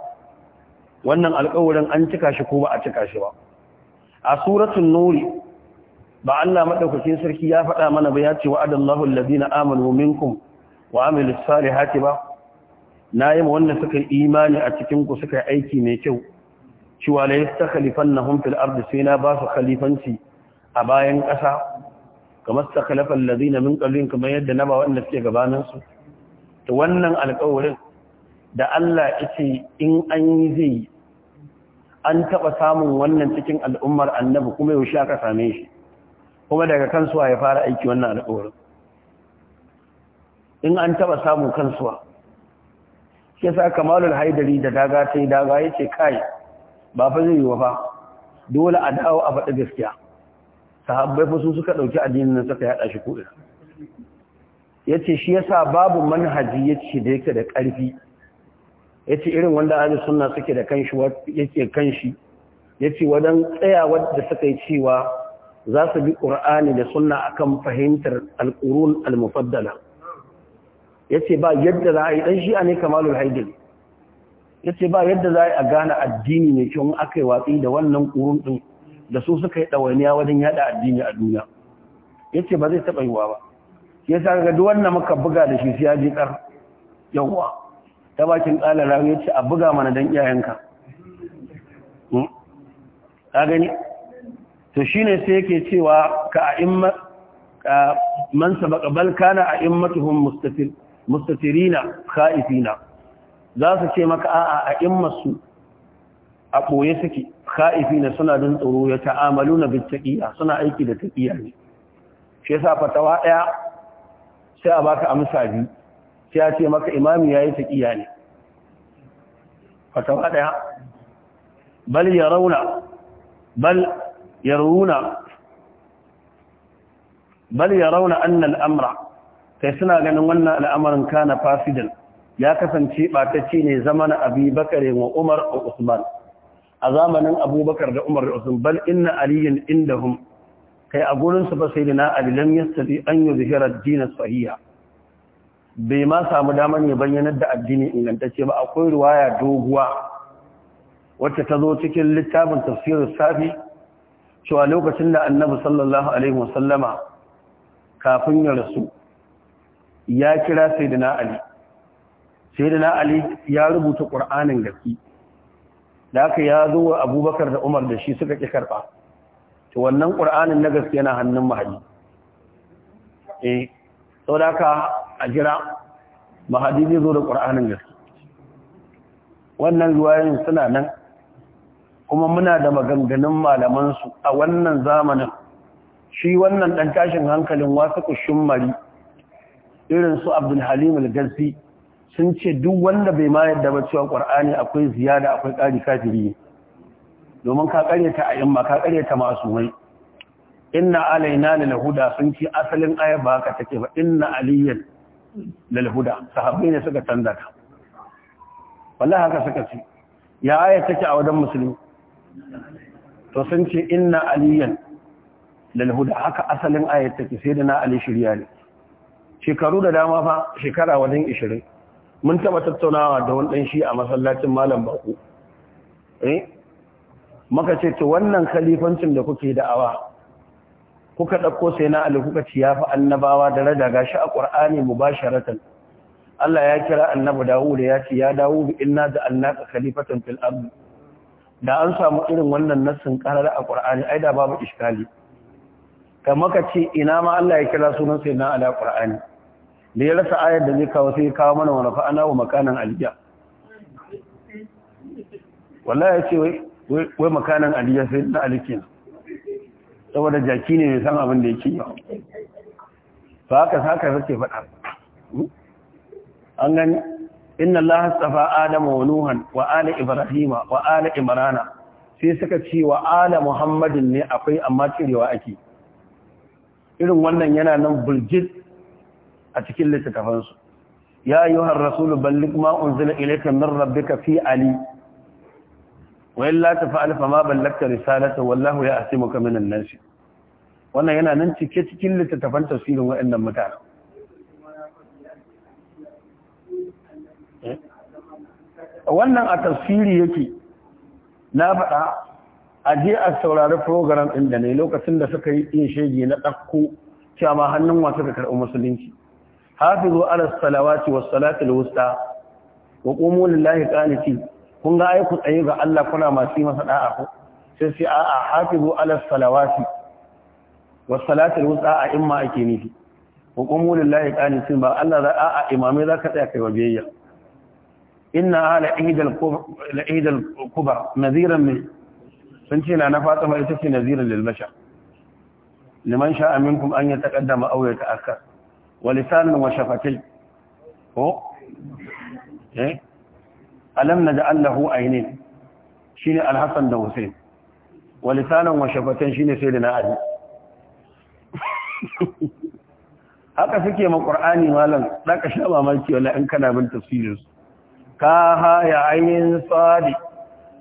wannan alƙawarin an cika shi ko ba a cika shi ba a suratul nuri ba Allah madaukakin sarki ya faɗa mana ba ya ce wa'adallahu allazina amanu minkum wa amilus salihati ba na yi wanda suka yi imani a cikin ku suka yi aiki mai kyau cewa la yastakhlifannahum fil ardi sai na ba su khalifanci a bayan ƙasa kamar stakhlafal ladina min qablihim kamar yadda na ba wanda suke gabanin su to wannan alƙawarin da Allah ce in an yi zai an taɓa samun wannan cikin al'ummar annabi kuma yaushe aka same shi kuma daga kansuwa ya fara aiki wannan alƙawarin in an taɓa samun kansuwa ke sa kamalul haidari da daga ta yi daga ya ce kai ba fa zai yi wa ba dole a dawo a faɗi gaskiya sahabbai fa su suka ɗauki addinin nan suka yaɗa shi ko'ina ya ce shi ya sa babu manhaji ya ce da yake da ƙarfi ya ce irin wanda ahli suna suke da kanshi ya ce kanshi ya ce wadan tsayawar da suka yi cewa za su bi ƙur'ani da sunna akan fahimtar alƙurun al-mufaddala ya ce ba yadda za a yi ɗan shi'a ne kamalul haidil ya ce ba yadda za a gane addini mai kyau aka yi watsi da wannan kurun ɗin da su suka yi ɗawainiya wajen yada addini a duniya ya ce ba zai taɓa yiwa ba ya sa ga duk wannan muka buga da shi sai ya ta bakin ƙala rawo ya a buga mana don iyayenka hmm. ka gani to shine sai yake cewa ka a'imma man sabaka bal kana a'immatuhum mustafil mustatirina khaifina za su ce maka a'a a immasu a ɓoye suke khaifina suna don tsoro ya ta'amalu na bittaƙiya suna aiki da taƙiya ne shi yasa fatawa ɗaya sai a baka amsa biyu sai ya ce maka imami ya yi taƙiya ne fatawa ɗaya bal ya rauna bal ya bal ya rauna annal amra kai suna ganin wannan al'amarin kana fasidan ya kasance ɓatacci ne zaman bakare wa umar a usman a zamanin abubakar da umar da usman bal inna aliyin indahum kai a gurinsu ba sai na alilan an yi zuhirar dinar sahiya bai ma samu damar ya bayyanar da addini ingantacce ba akwai ruwaya doguwa wacce ta zo cikin littafin tafsirin safi cewa lokacin da annabi sallallahu alaihi wasallama kafin ya rasu ya kira sayyidina ali sayyidina ali ya rubuta qur'anin gaske da aka ya zo wa abubakar da umar da shi suka ki karba to wannan qur'anin na gaske yana hannun mahadi eh da haka a jira mahadi zai zo da qur'anin gaske wannan ruwayoyin suna nan kuma muna da maganganun malamansu a wannan zamanin shi wannan ɗan tashin hankalin wasu kushin mari irin su abdul halim al-galsi sun ce duk wanda bai ma yadda ba cewa qur'ani akwai ziyada akwai ƙari kafiri domin ka a imma ka kareta masumai inna alaina lil huda sun ce asalin ayar ba haka take ba inna aliyan lil huda sahabbai ne suka canza ta wallahi haka suka ce ya aya take a wajen musulmi to sun ce inna aliyan lil huda haka asalin ayar take sai da na ali shirya ne shekaru da dama fa shekara wajen ishirin mun taba tattaunawa da wani dan shi a masallacin malam baku eh maka ce to wannan khalifancin da kuke da awa. kuka ɗauko sai na ali kuka ci ya fi annabawa daraja gashi a qur'ani mu ba Allah ya kira annabi Dawud ya ce ya Dawud inna da annaka khalifatan fil ard da an samu irin wannan nassin karar a Qur'ani ai da babu iskali kamar ka ce ina ma Allah ya kira sunan sai na ala Qur'ani da ya rasa ayar da zai kawo sai ya kawo mana wani fa'ana wa makanan aliyya wallahi ya ce wai makanan aliyya sai na alikin saboda jaki ne mai san abin da yake yau ba haka haka suke faɗa an gani inna Allah astafa adama wa nuhan wa ala ibrahima wa ala imrana sai suka ce wa ala muhammadin ne akwai amma cirewa ake irin wannan yana nan burjit a cikin littattafansu ya yi yohan rasulu ballik ma'un zina ilaika min rabbika fi ali wa illa ta fa'al fa ma ballakta risalata wallahu ya asimuka min an-nas wannan yana nan cike cikin littattafan tafsirin waɗannan mutane wannan a tafsiri yake na faɗa a je a saurari program ɗin da ne lokacin da suka yi yin shege na ɗakko cewa ma hannun wasu da karɓi musulunci hafizu ala salawati was salatil wusta wa qumu lillahi qanitin kun ga ai ku tsaye ga Allah kuna masu masa da'a ko sai sai a'a hafizu ala salawati was salatil wusta a imma ake nufi wa qumu lillahi qanitin ba Allah za a'a imamai za ka tsaya kai wajiyya inna ala ihdal kubra ihdal kubra nadhiran min sun ce na na Fatima ita ce nadhiran lil bashar liman sha'a minkum an yataqaddama aw yata'akhkhar wa lisanin wa shafatai ko eh alam naj'al lahu aynayn shine al-hasan da husayn wa lisanin haka suke ma ƙur'ani malam daka sha mamaki wala in kana bin tafsirin ka ha ya ainin sadi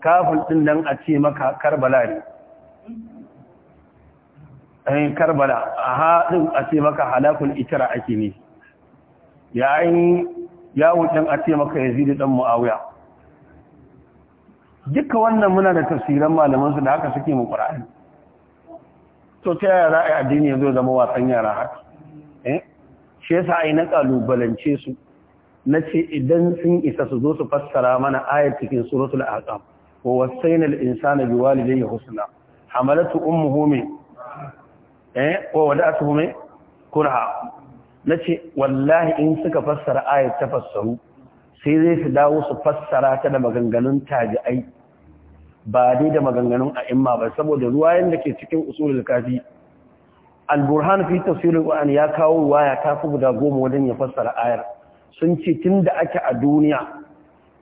kafin ɗin nan a ce maka karbala ne ayin karbala a haɗin a ce maka halakun itara ake ne yayin yawon ɗin a ce maka yazidi ɗan mu'awiya duka wannan muna da tafsiran malamansu da haka suke mu ƙura'ani to ta yaya za a addini ya zo zama wasan yara haka eh? shi yasa ai na kalubalance su na ce idan sun isa su zo su fassara mana ayat cikin suratul ahqaf wa wasaina al insana biwalidayhi husna hamalatu ummuhu min eh ko wada su kurha nace wallahi in suka fassara ayat ta fassaru sai zai su dawo su fassara ta da maganganun tabi'ai ba dai da maganganun a'imma ba saboda ruwayan da ke cikin usulul kafi al-burhan fi tafsir al ya kawo waya ta fi guda goma wajen ya fassara ayar sun ce tunda ake a duniya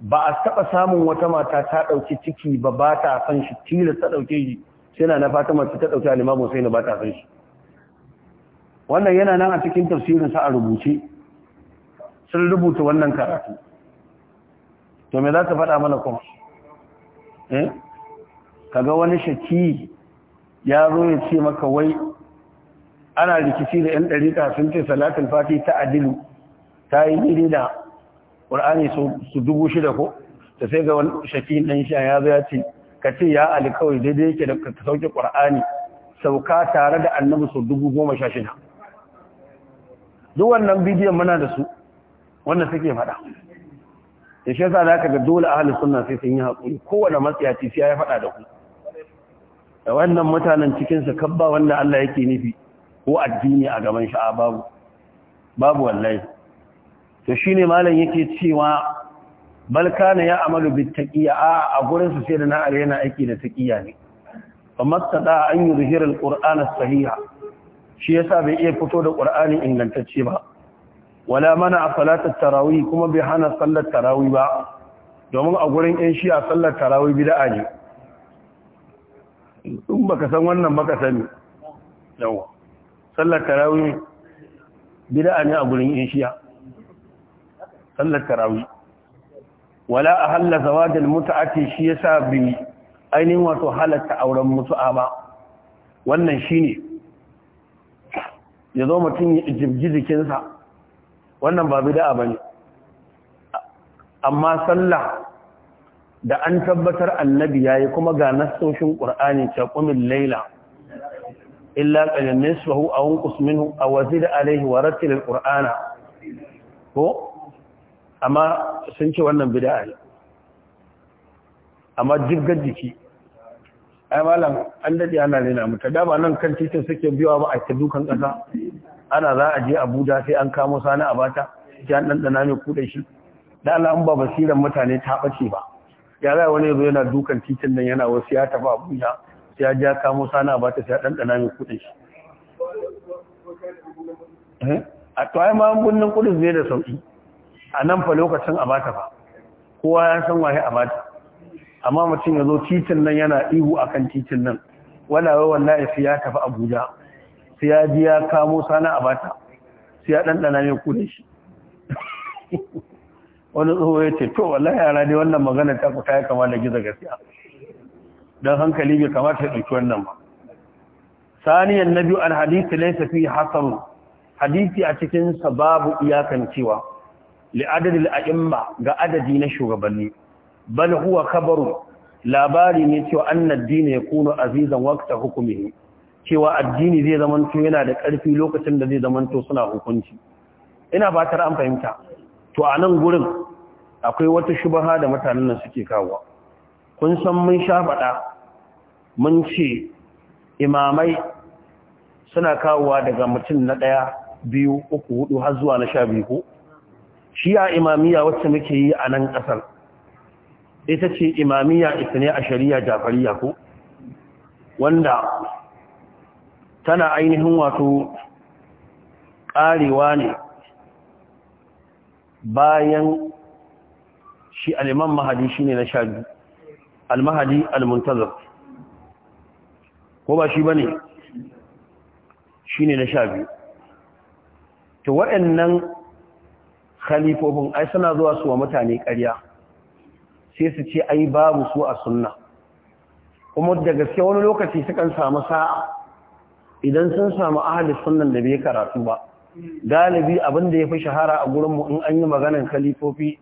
ba a taɓa samun wata mata ta ɗauki ciki ba ba ta san shi tilasta ta shi sai na Fatima ta ɗauki alimamu sai na ba ta san shi wannan yana nan a cikin tafsirinsa a rubuce sun rubuta wannan karatu to me za ka faɗa mana kuma eh kaga wani shaki ya zo ya ce maka wai ana rikici da 'yan ɗarika sun ce salatul fati ta adilu ta yi iri da ƙur'ani su dubu shida ko Ta sai ga wani shaki ɗan sha ya zo ya ce ka ce ya ali kawai daidai yake da ka sauke ƙur'ani sauka tare da annabi su dubu goma sha shida duk wannan bidiyon muna da su wanda suke faɗa da shi yasa zaka ga dole ahli sunna sai sun yi hakuri kowanne matsiyaci sai ya faɗa da ku da wannan mutanen cikin su kabba wanda Allah yake nufi ko addini a gaban shi a babu babu wallahi to shine malam yake cewa bal kana ya amalu bit taqiya a a gurin su sai da na yana aiki da taqiya ne fa mastada an yuzhira al-qur'ana sahiha shi yasa bai iya fito da qur'ani ingantacce ba wala mana salatat tarawih kuma bai hana sallar tarawih ba domin a gurin ɗin shi a sallar tarawih bid'a ne in baka san wannan baka sani yawa sallar tarawih bid'a ne a gurin ɗin shi sallar tarawih wala ahalla zawadil mut'ati shi yasa bi ainihin wato halatta auren mutu'a ba wannan shine ya zo mutum ya jirgi jikinsa wannan ba ba ne. amma sallah da an tabbatar annabi yayi kuma ga nassoshin qur'ani ta qumil layla illa qalilan nisfahu aw unqus minhu aw zid alayhi wa rattil alqur'ana ko amma sun ce wannan bid'a ne amma jibgar jiki ai malam an dade ana rena mu ta da ba nan kan titin suke biyawa ba a ta dukan kasa ana za a je Abuja sai an kamo sani a bata sai an dandana mai kudin shi da Allah an ba basiran mutane ta bace ba ya za wani yazo yana dukan titin nan yana wasu ya tafi Abuja sai ya ja kamo sani a bata sai ya dandana mai kudin shi eh? a to ai ma bunnin kudin zai da sauki a nan fa lokacin a bata fa kowa ya san waye a bata amma mutum ya zo titin nan yana ihu a kan titin nan wala wai wallahi sai ya tafi Abuja sai ya ji ya kamo sana bata sai ya dandana mai kuɗe shi [laughs] wani tsoho ya ce to wallahi yara dai wannan magana ta ku kaya kama da gizo gaskiya dan hankali bai kamata ya ɗauki wannan ba saniyan biyu an hadith ne fi hasan hadisi a cikin sababu iyakan cewa li adadil a'imma ga adadi na shugabanni bal huwa khabaru labari ne cewa annad ya kuno azizan waqta hukmihi cewa addini zai zamanto yana da ƙarfi lokacin da zai zamanto suna hukunci ina fatar an fahimta to a nan gurin akwai wata shubaha da mutanen nan suke kawo kun san mun sha fada mun ce imamai suna kawowa daga mutum na ɗaya biyu uku hudu har zuwa na sha biyu ko shi a imamiya wacce muke yi a nan ƙasar ita ce imamiya ita ne a shari'a jafariya ko wanda tana ainihin wato ƙarewa ne bayan shi aliman mahadi shi ne na sha biyu almahadi almuntazar ko ba shi ba ne shi ne na sha biyu to waɗannan khalifofin ai suna zuwa su wa mutane ƙarya sai su ce ai babu su a sunna kuma da gaske wani lokaci sukan samu sa'a idan sun samu ahalin sunnan da bai karatu ba galibi abin da ya fi shahara a gurinmu in an yi maganar khalifofi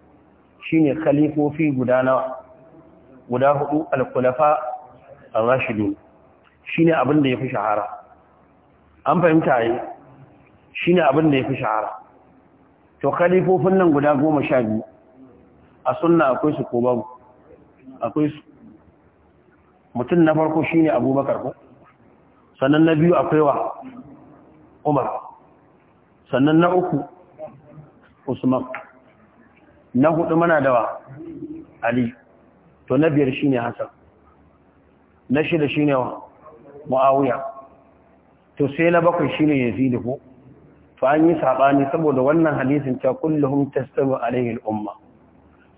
shine kalifofi guda nawa guda hudu alkulafa ar rashidu shine abin da ya fi shahara an fahimta yi eh? shine abin da ya fi shahara to kalifofin nan guda goma sha biyu a sunna akwai su ko babu akwai su mutum na farko shine abubakar ko sannan na biyu akwai wa umar sannan na uku usman na hudu mana da wa ali to na biyar shine hasan na shida ne wa ma'awuya to sai na bakwai shine yazid ko fa an yi saɓani saboda wannan hadisin ta kullum ta alaihi al al'umma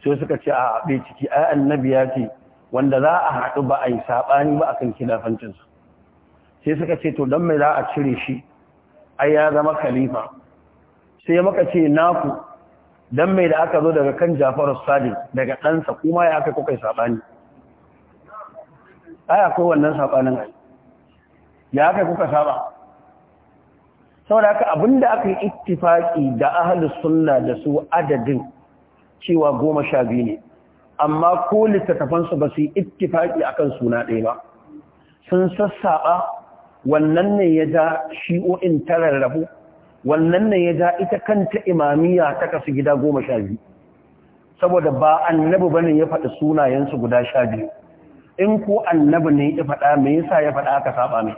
sai suka ce a haɗe ciki ai annabi ya ce wanda za a haɗu ba a yi saɓani ba akan kilafancinsu sai suka ce to don mai za a cire shi ai ya zama khalifa sai maka ce naku don mai da aka zo daga kan jafaru sadi daga ɗansa kuma ya aka kuka yi saɓani ai akwai wannan saɓanin ai ya aka kuka saɓa saboda haka abinda aka yi ittifaki da ahalus sunna da su adadin cewa goma sha biyu ne amma ko littattafansu ba su yi ittifaki kan suna ɗaya ba sun sassaɓa wannan ne ya ja shi'o'in tararrabu wannan ne ya ja ita kanta imamiya ta kasu gida goma sha biyu saboda ba annabi ba ne ya faɗi sunayensu guda sha biyu in ko annabi ne ya faɗa me yasa ya faɗa aka saba mai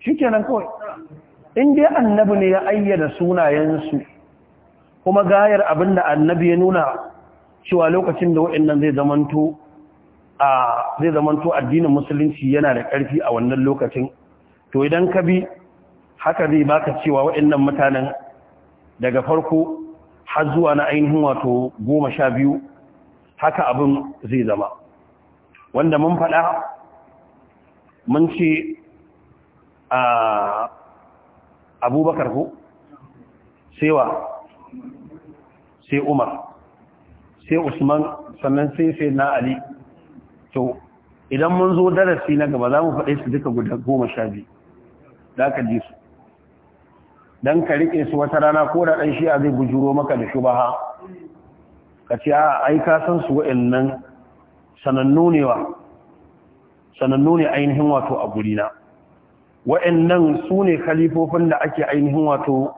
shi kenan kawai in dai annabi ne ya ayyana sunayensu kuma gayar abin da annabi ya nuna cewa lokacin da wa'annan zai zamanto addinin musulunci yana da ƙarfi a wannan lokacin to idan ka bi haka zai baka cewa wa'annan mutanen daga farko har zuwa na ainihin wato goma sha biyu haka abin zai zama wanda mun faɗa mun ce a abubakar ko sewa sai umar sai usman sannan sai sai na ali to idan mun zo darasi na gaba za mu faɗe su duka guda goma sha biyu za ka ji su don ka riƙe su wata rana ko da ɗan shi'a zai bujuro maka da shubaha ka ce a ai ka san su nan sanannu ne wa sanannu ne ainihin wato a gurina nan su ne kalifofin da ake ainihin wato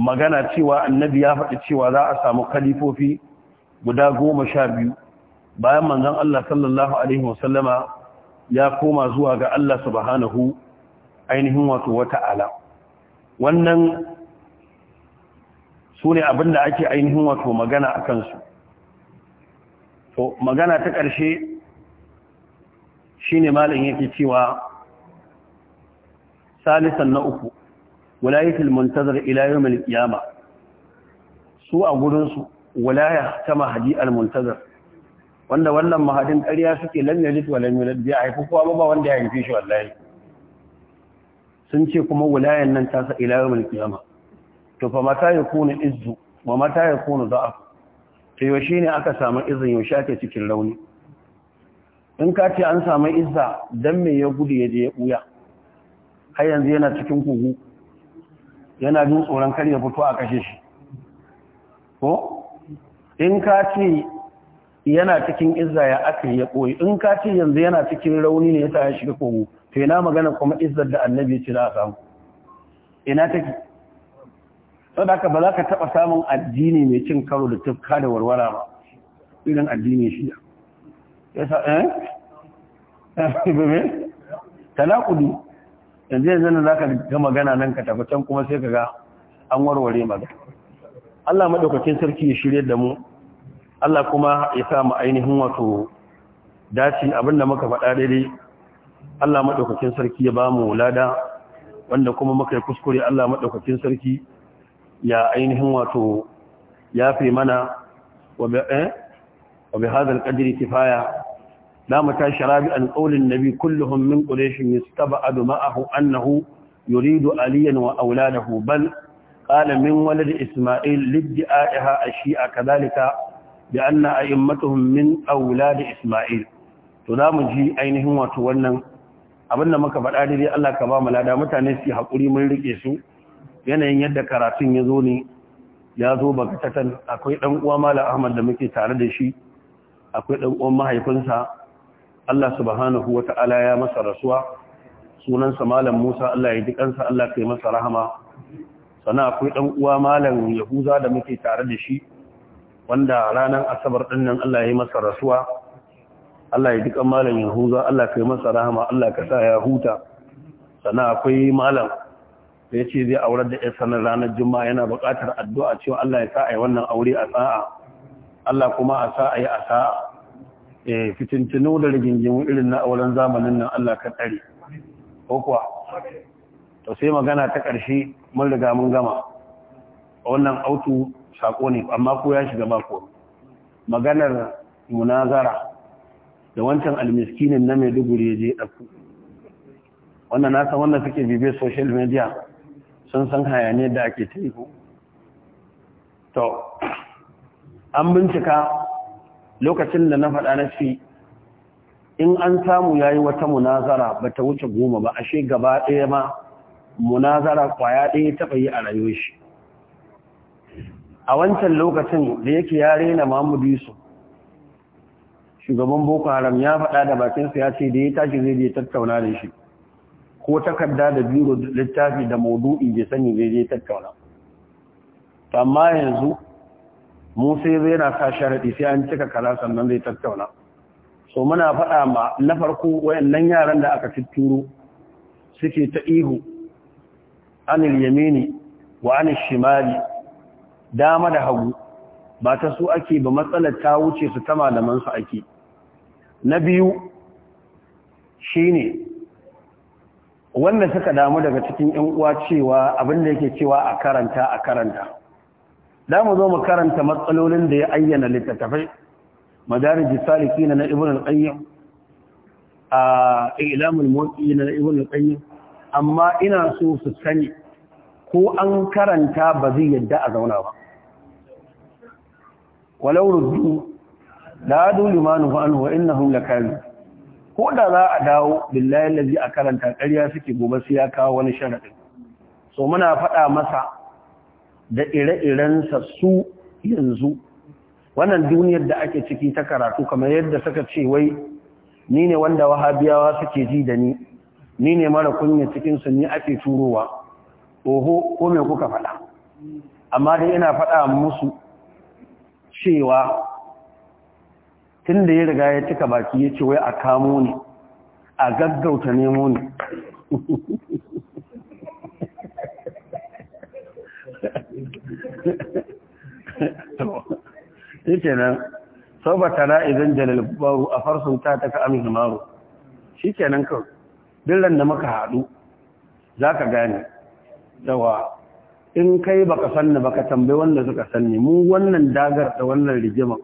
magana cewa annabi ya faɗi cewa za a samu kalifofi guda goma sha biyu bayan manzon Allah sallallahu alaihi wasallama ya koma zuwa ga Allah subhanahu ainihin wato wata'ala wannan su ne abinda ake ainihin wato magana a kansu to magana ta ƙarshe shi ne malin yake cewa salisan na uku walayatul muntazir ila yawmil qiyama su a gurin su walaya ta mahdi al muntazir wanda wannan mahadin ƙarya suke lam yalid wa lam yulad bi haifu kowa ba wanda ya haife shi wallahi sun ce kuma walayan nan ta sa ila yawmil qiyama to fa mata yakunu izzu wa mata yakunu da'af to yaushe ne aka samu izin yaushe ake cikin rauni in ka ce an samu izza dan me ya gudu ya je ya buya har yanzu yana cikin kugu yana jin tsoron kar ya fito a kashe shi ko in ka ce yana cikin izza ya aka ya koyi in ka ce yanzu yana cikin rauni ne yasa ya shiga kogo to ina magana kuma izzar da annabi ce za a samu ina take saboda ka ba za ka taɓa samun addini mai cin karo da tufka da warwara ba irin addini shi Ya sa eh na [laughs] kudi yanzu yanzu nan za ka ga magana nan ka tafi can kuma sai ka ga an warware magana Allah maɗaukakin sarki ya shirya da mu Allah kuma ya sa mu ainihin wato dace abinda muka faɗa daidai Allah maɗaukakin sarki ya ba mu lada wanda kuma muka yi kuskure Allah maɗaukakin sarki ya ainihin wato ya fi mana wa bi eh? hadal qadri kifaya damu tashi rabi'an qaulin nabi kulluhum min quraishin yastab'adu ma'ahu annahu yuridu aliyan wa auladahu bal qala min walad isma'il lidda'iha ashi'a kadhalika bi anna a'immatuhum min da isma'il to damu ji ainihin wato wannan abinda muka faɗa da Allah ka ba mu lada mutane su hakuri mun rike su yanayin yadda karatun ya zo ne ya zo baka tatan akwai dan uwa malam ahmad da muke tare da shi akwai dan uwan mahaifinsa Allah subhanahu wa ta'ala ya masa rasuwa sunansa malam Musa Allah ya ji kansa Allah yi masa rahama sana akwai dan uwa malam Yahuza da muke tare da shi wanda ranar asabar din nan Allah ya masa rasuwa Allah ya ji kan malam Yahuza Allah yi masa rahama Allah ka sa ya huta sana akwai malam da ya ce zai aurar da ‘yar sanar ranar juma'a yana buƙatar addu'a cewa Allah ya sa a yi wannan aure a sa'a, Allah kuma a sa a yi a sa'a, eh fitintinu da rigingimu irin na auren zamanin nan Allah ka tsari ko kuwa to sai magana ta ƙarshe mun riga mun gama wannan autu sako ne amma ko ya shiga ba ko maganar munazara da wancan almiskinin na Maiduguri ya je ɗauko wannan na san wannan suke bibe social media sun san hayane da ake ta to an bincika lokacin da na faɗa na ce in an samu ya yi wata munazara ba ta wuce goma ba ashe gaba ɗaya ma munazara kwaya ɗaya taɓa yi a rayuwar shi a wancan lokacin da yake ya rena mahmud yusuf shugaban boko haram ya faɗa da bakinsa ya ce da ya tashi zai je tattauna da shi ko takarda da biro littafi da maudu'i bai sani zai je tattauna amma yanzu musa zai na sa sharaɗi sai an cika kala sannan zai tattauna so muna faɗa ma na farko wayannan yaran da aka tuturo suke ta ihu anil yamini wa anil shimali dama da hagu ba ta su ake ba matsalar ta wuce su ta malaman su ake na biyu Shi ne. wanda suka damu daga cikin yan uwa cewa abinda yake cewa a karanta a karanta da mu zo mu karanta matsalolin da ya ayyana littattafai madarij salikin na ibn al-qayyim a ilamul na ibn al-qayyim amma ina so su sani ko an karanta ba zai yadda a zauna ba walau ruddu la adu limanu fa anhu innahum lakazib ko da za a dawo billahi lazi a karanta ƙarya suke gobe sai ya kawo wani sharadin so muna faɗa masa da ire-irensa su yanzu wannan duniyar da ake ciki ta karatu kamar yadda suka ce wai ni ne wanda wahabiyawa suke ji da ni ni ne mara kunya cikin ni ake turowa oho ko me kuka faɗa amma dai ina faɗa musu cewa tun da ya riga ya cika baki ya ce wai a kamo ne a gaggauta nemo ne [laughs] shi ke nan sau ba tana idan jalil baru a farsun ta ta ka amin himaru shi ke nan kan dillan da maka haɗu za ka gane dawa in kai baka sanni baka tambayi wanda suka sanni mu wannan dagar da wannan rigima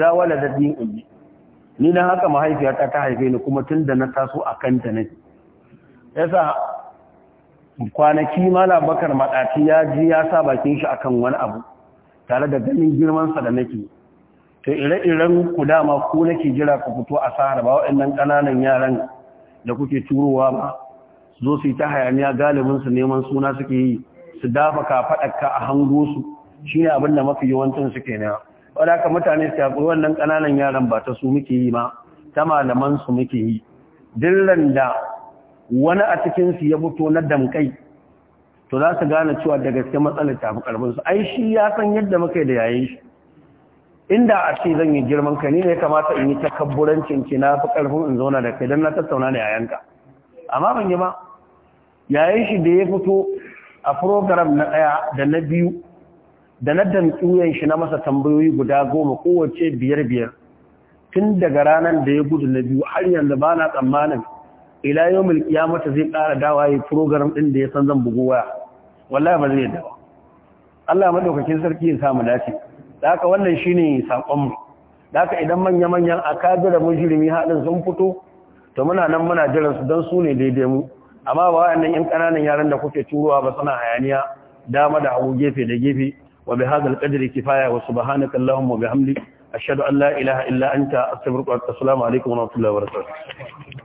za wala da din ni na haka mahaifiyata ta haife ni kuma tun da na taso a kanta Ya sa. kwanaki malam bakar maɗaci ya ji ya sa bakin shi akan wani abu tare da ganin girmansa da nake to ire-iren ku dama ku nake jira ku fito a sahara ba waɗannan ƙananan yaran da kuke turowa ba zo su ta hayaniya galibin su neman suna suke yi su dafa ka a hango su shine abin da mafi yawancin suke na da ka mutane su yaƙi wannan ƙananan yaran ba ta su muke yi ma ta malaman su muke yi dillan da wani a cikinsu ya fito na damkai to za su gane cewa da gaske matsalar tafi karfinsu ai shi ya san yadda muka da yayin shi inda a ce zan yi girman ka ni ne kamata in yi takabburancin ki na fi karfin in zauna da kai don na tattauna da yayanka amma ban yi ba yayin shi da ya fito a program na ɗaya da na biyu da na damtsuyan shi na masa tambayoyi guda goma kowace biyar biyar tun daga ranar da ya gudu na biyu har yanzu ba na tsammanin ila yawmil mata zai ƙara dawa yi program din da ya san zan bugu waya wallahi ba zai yadda ba Allah madaukakin sarki ya samu dace da haka wannan shine sakon saƙonmu da haka idan manya manyan akabira mujrimi haɗin sun fito to muna nan muna jiran su dan su ne daidai mu amma ba wa'annan yan ƙananan yaran da kuke turowa ba suna hayaniya dama da hagu gefe da gefe wa bihadha alqadri kifaya wa subhanaka allahumma wa bihamdika أشهد أن لا إله إلا أنت أستغفرك وأتوب إليك السلام عليكم ورحمة الله وبركاته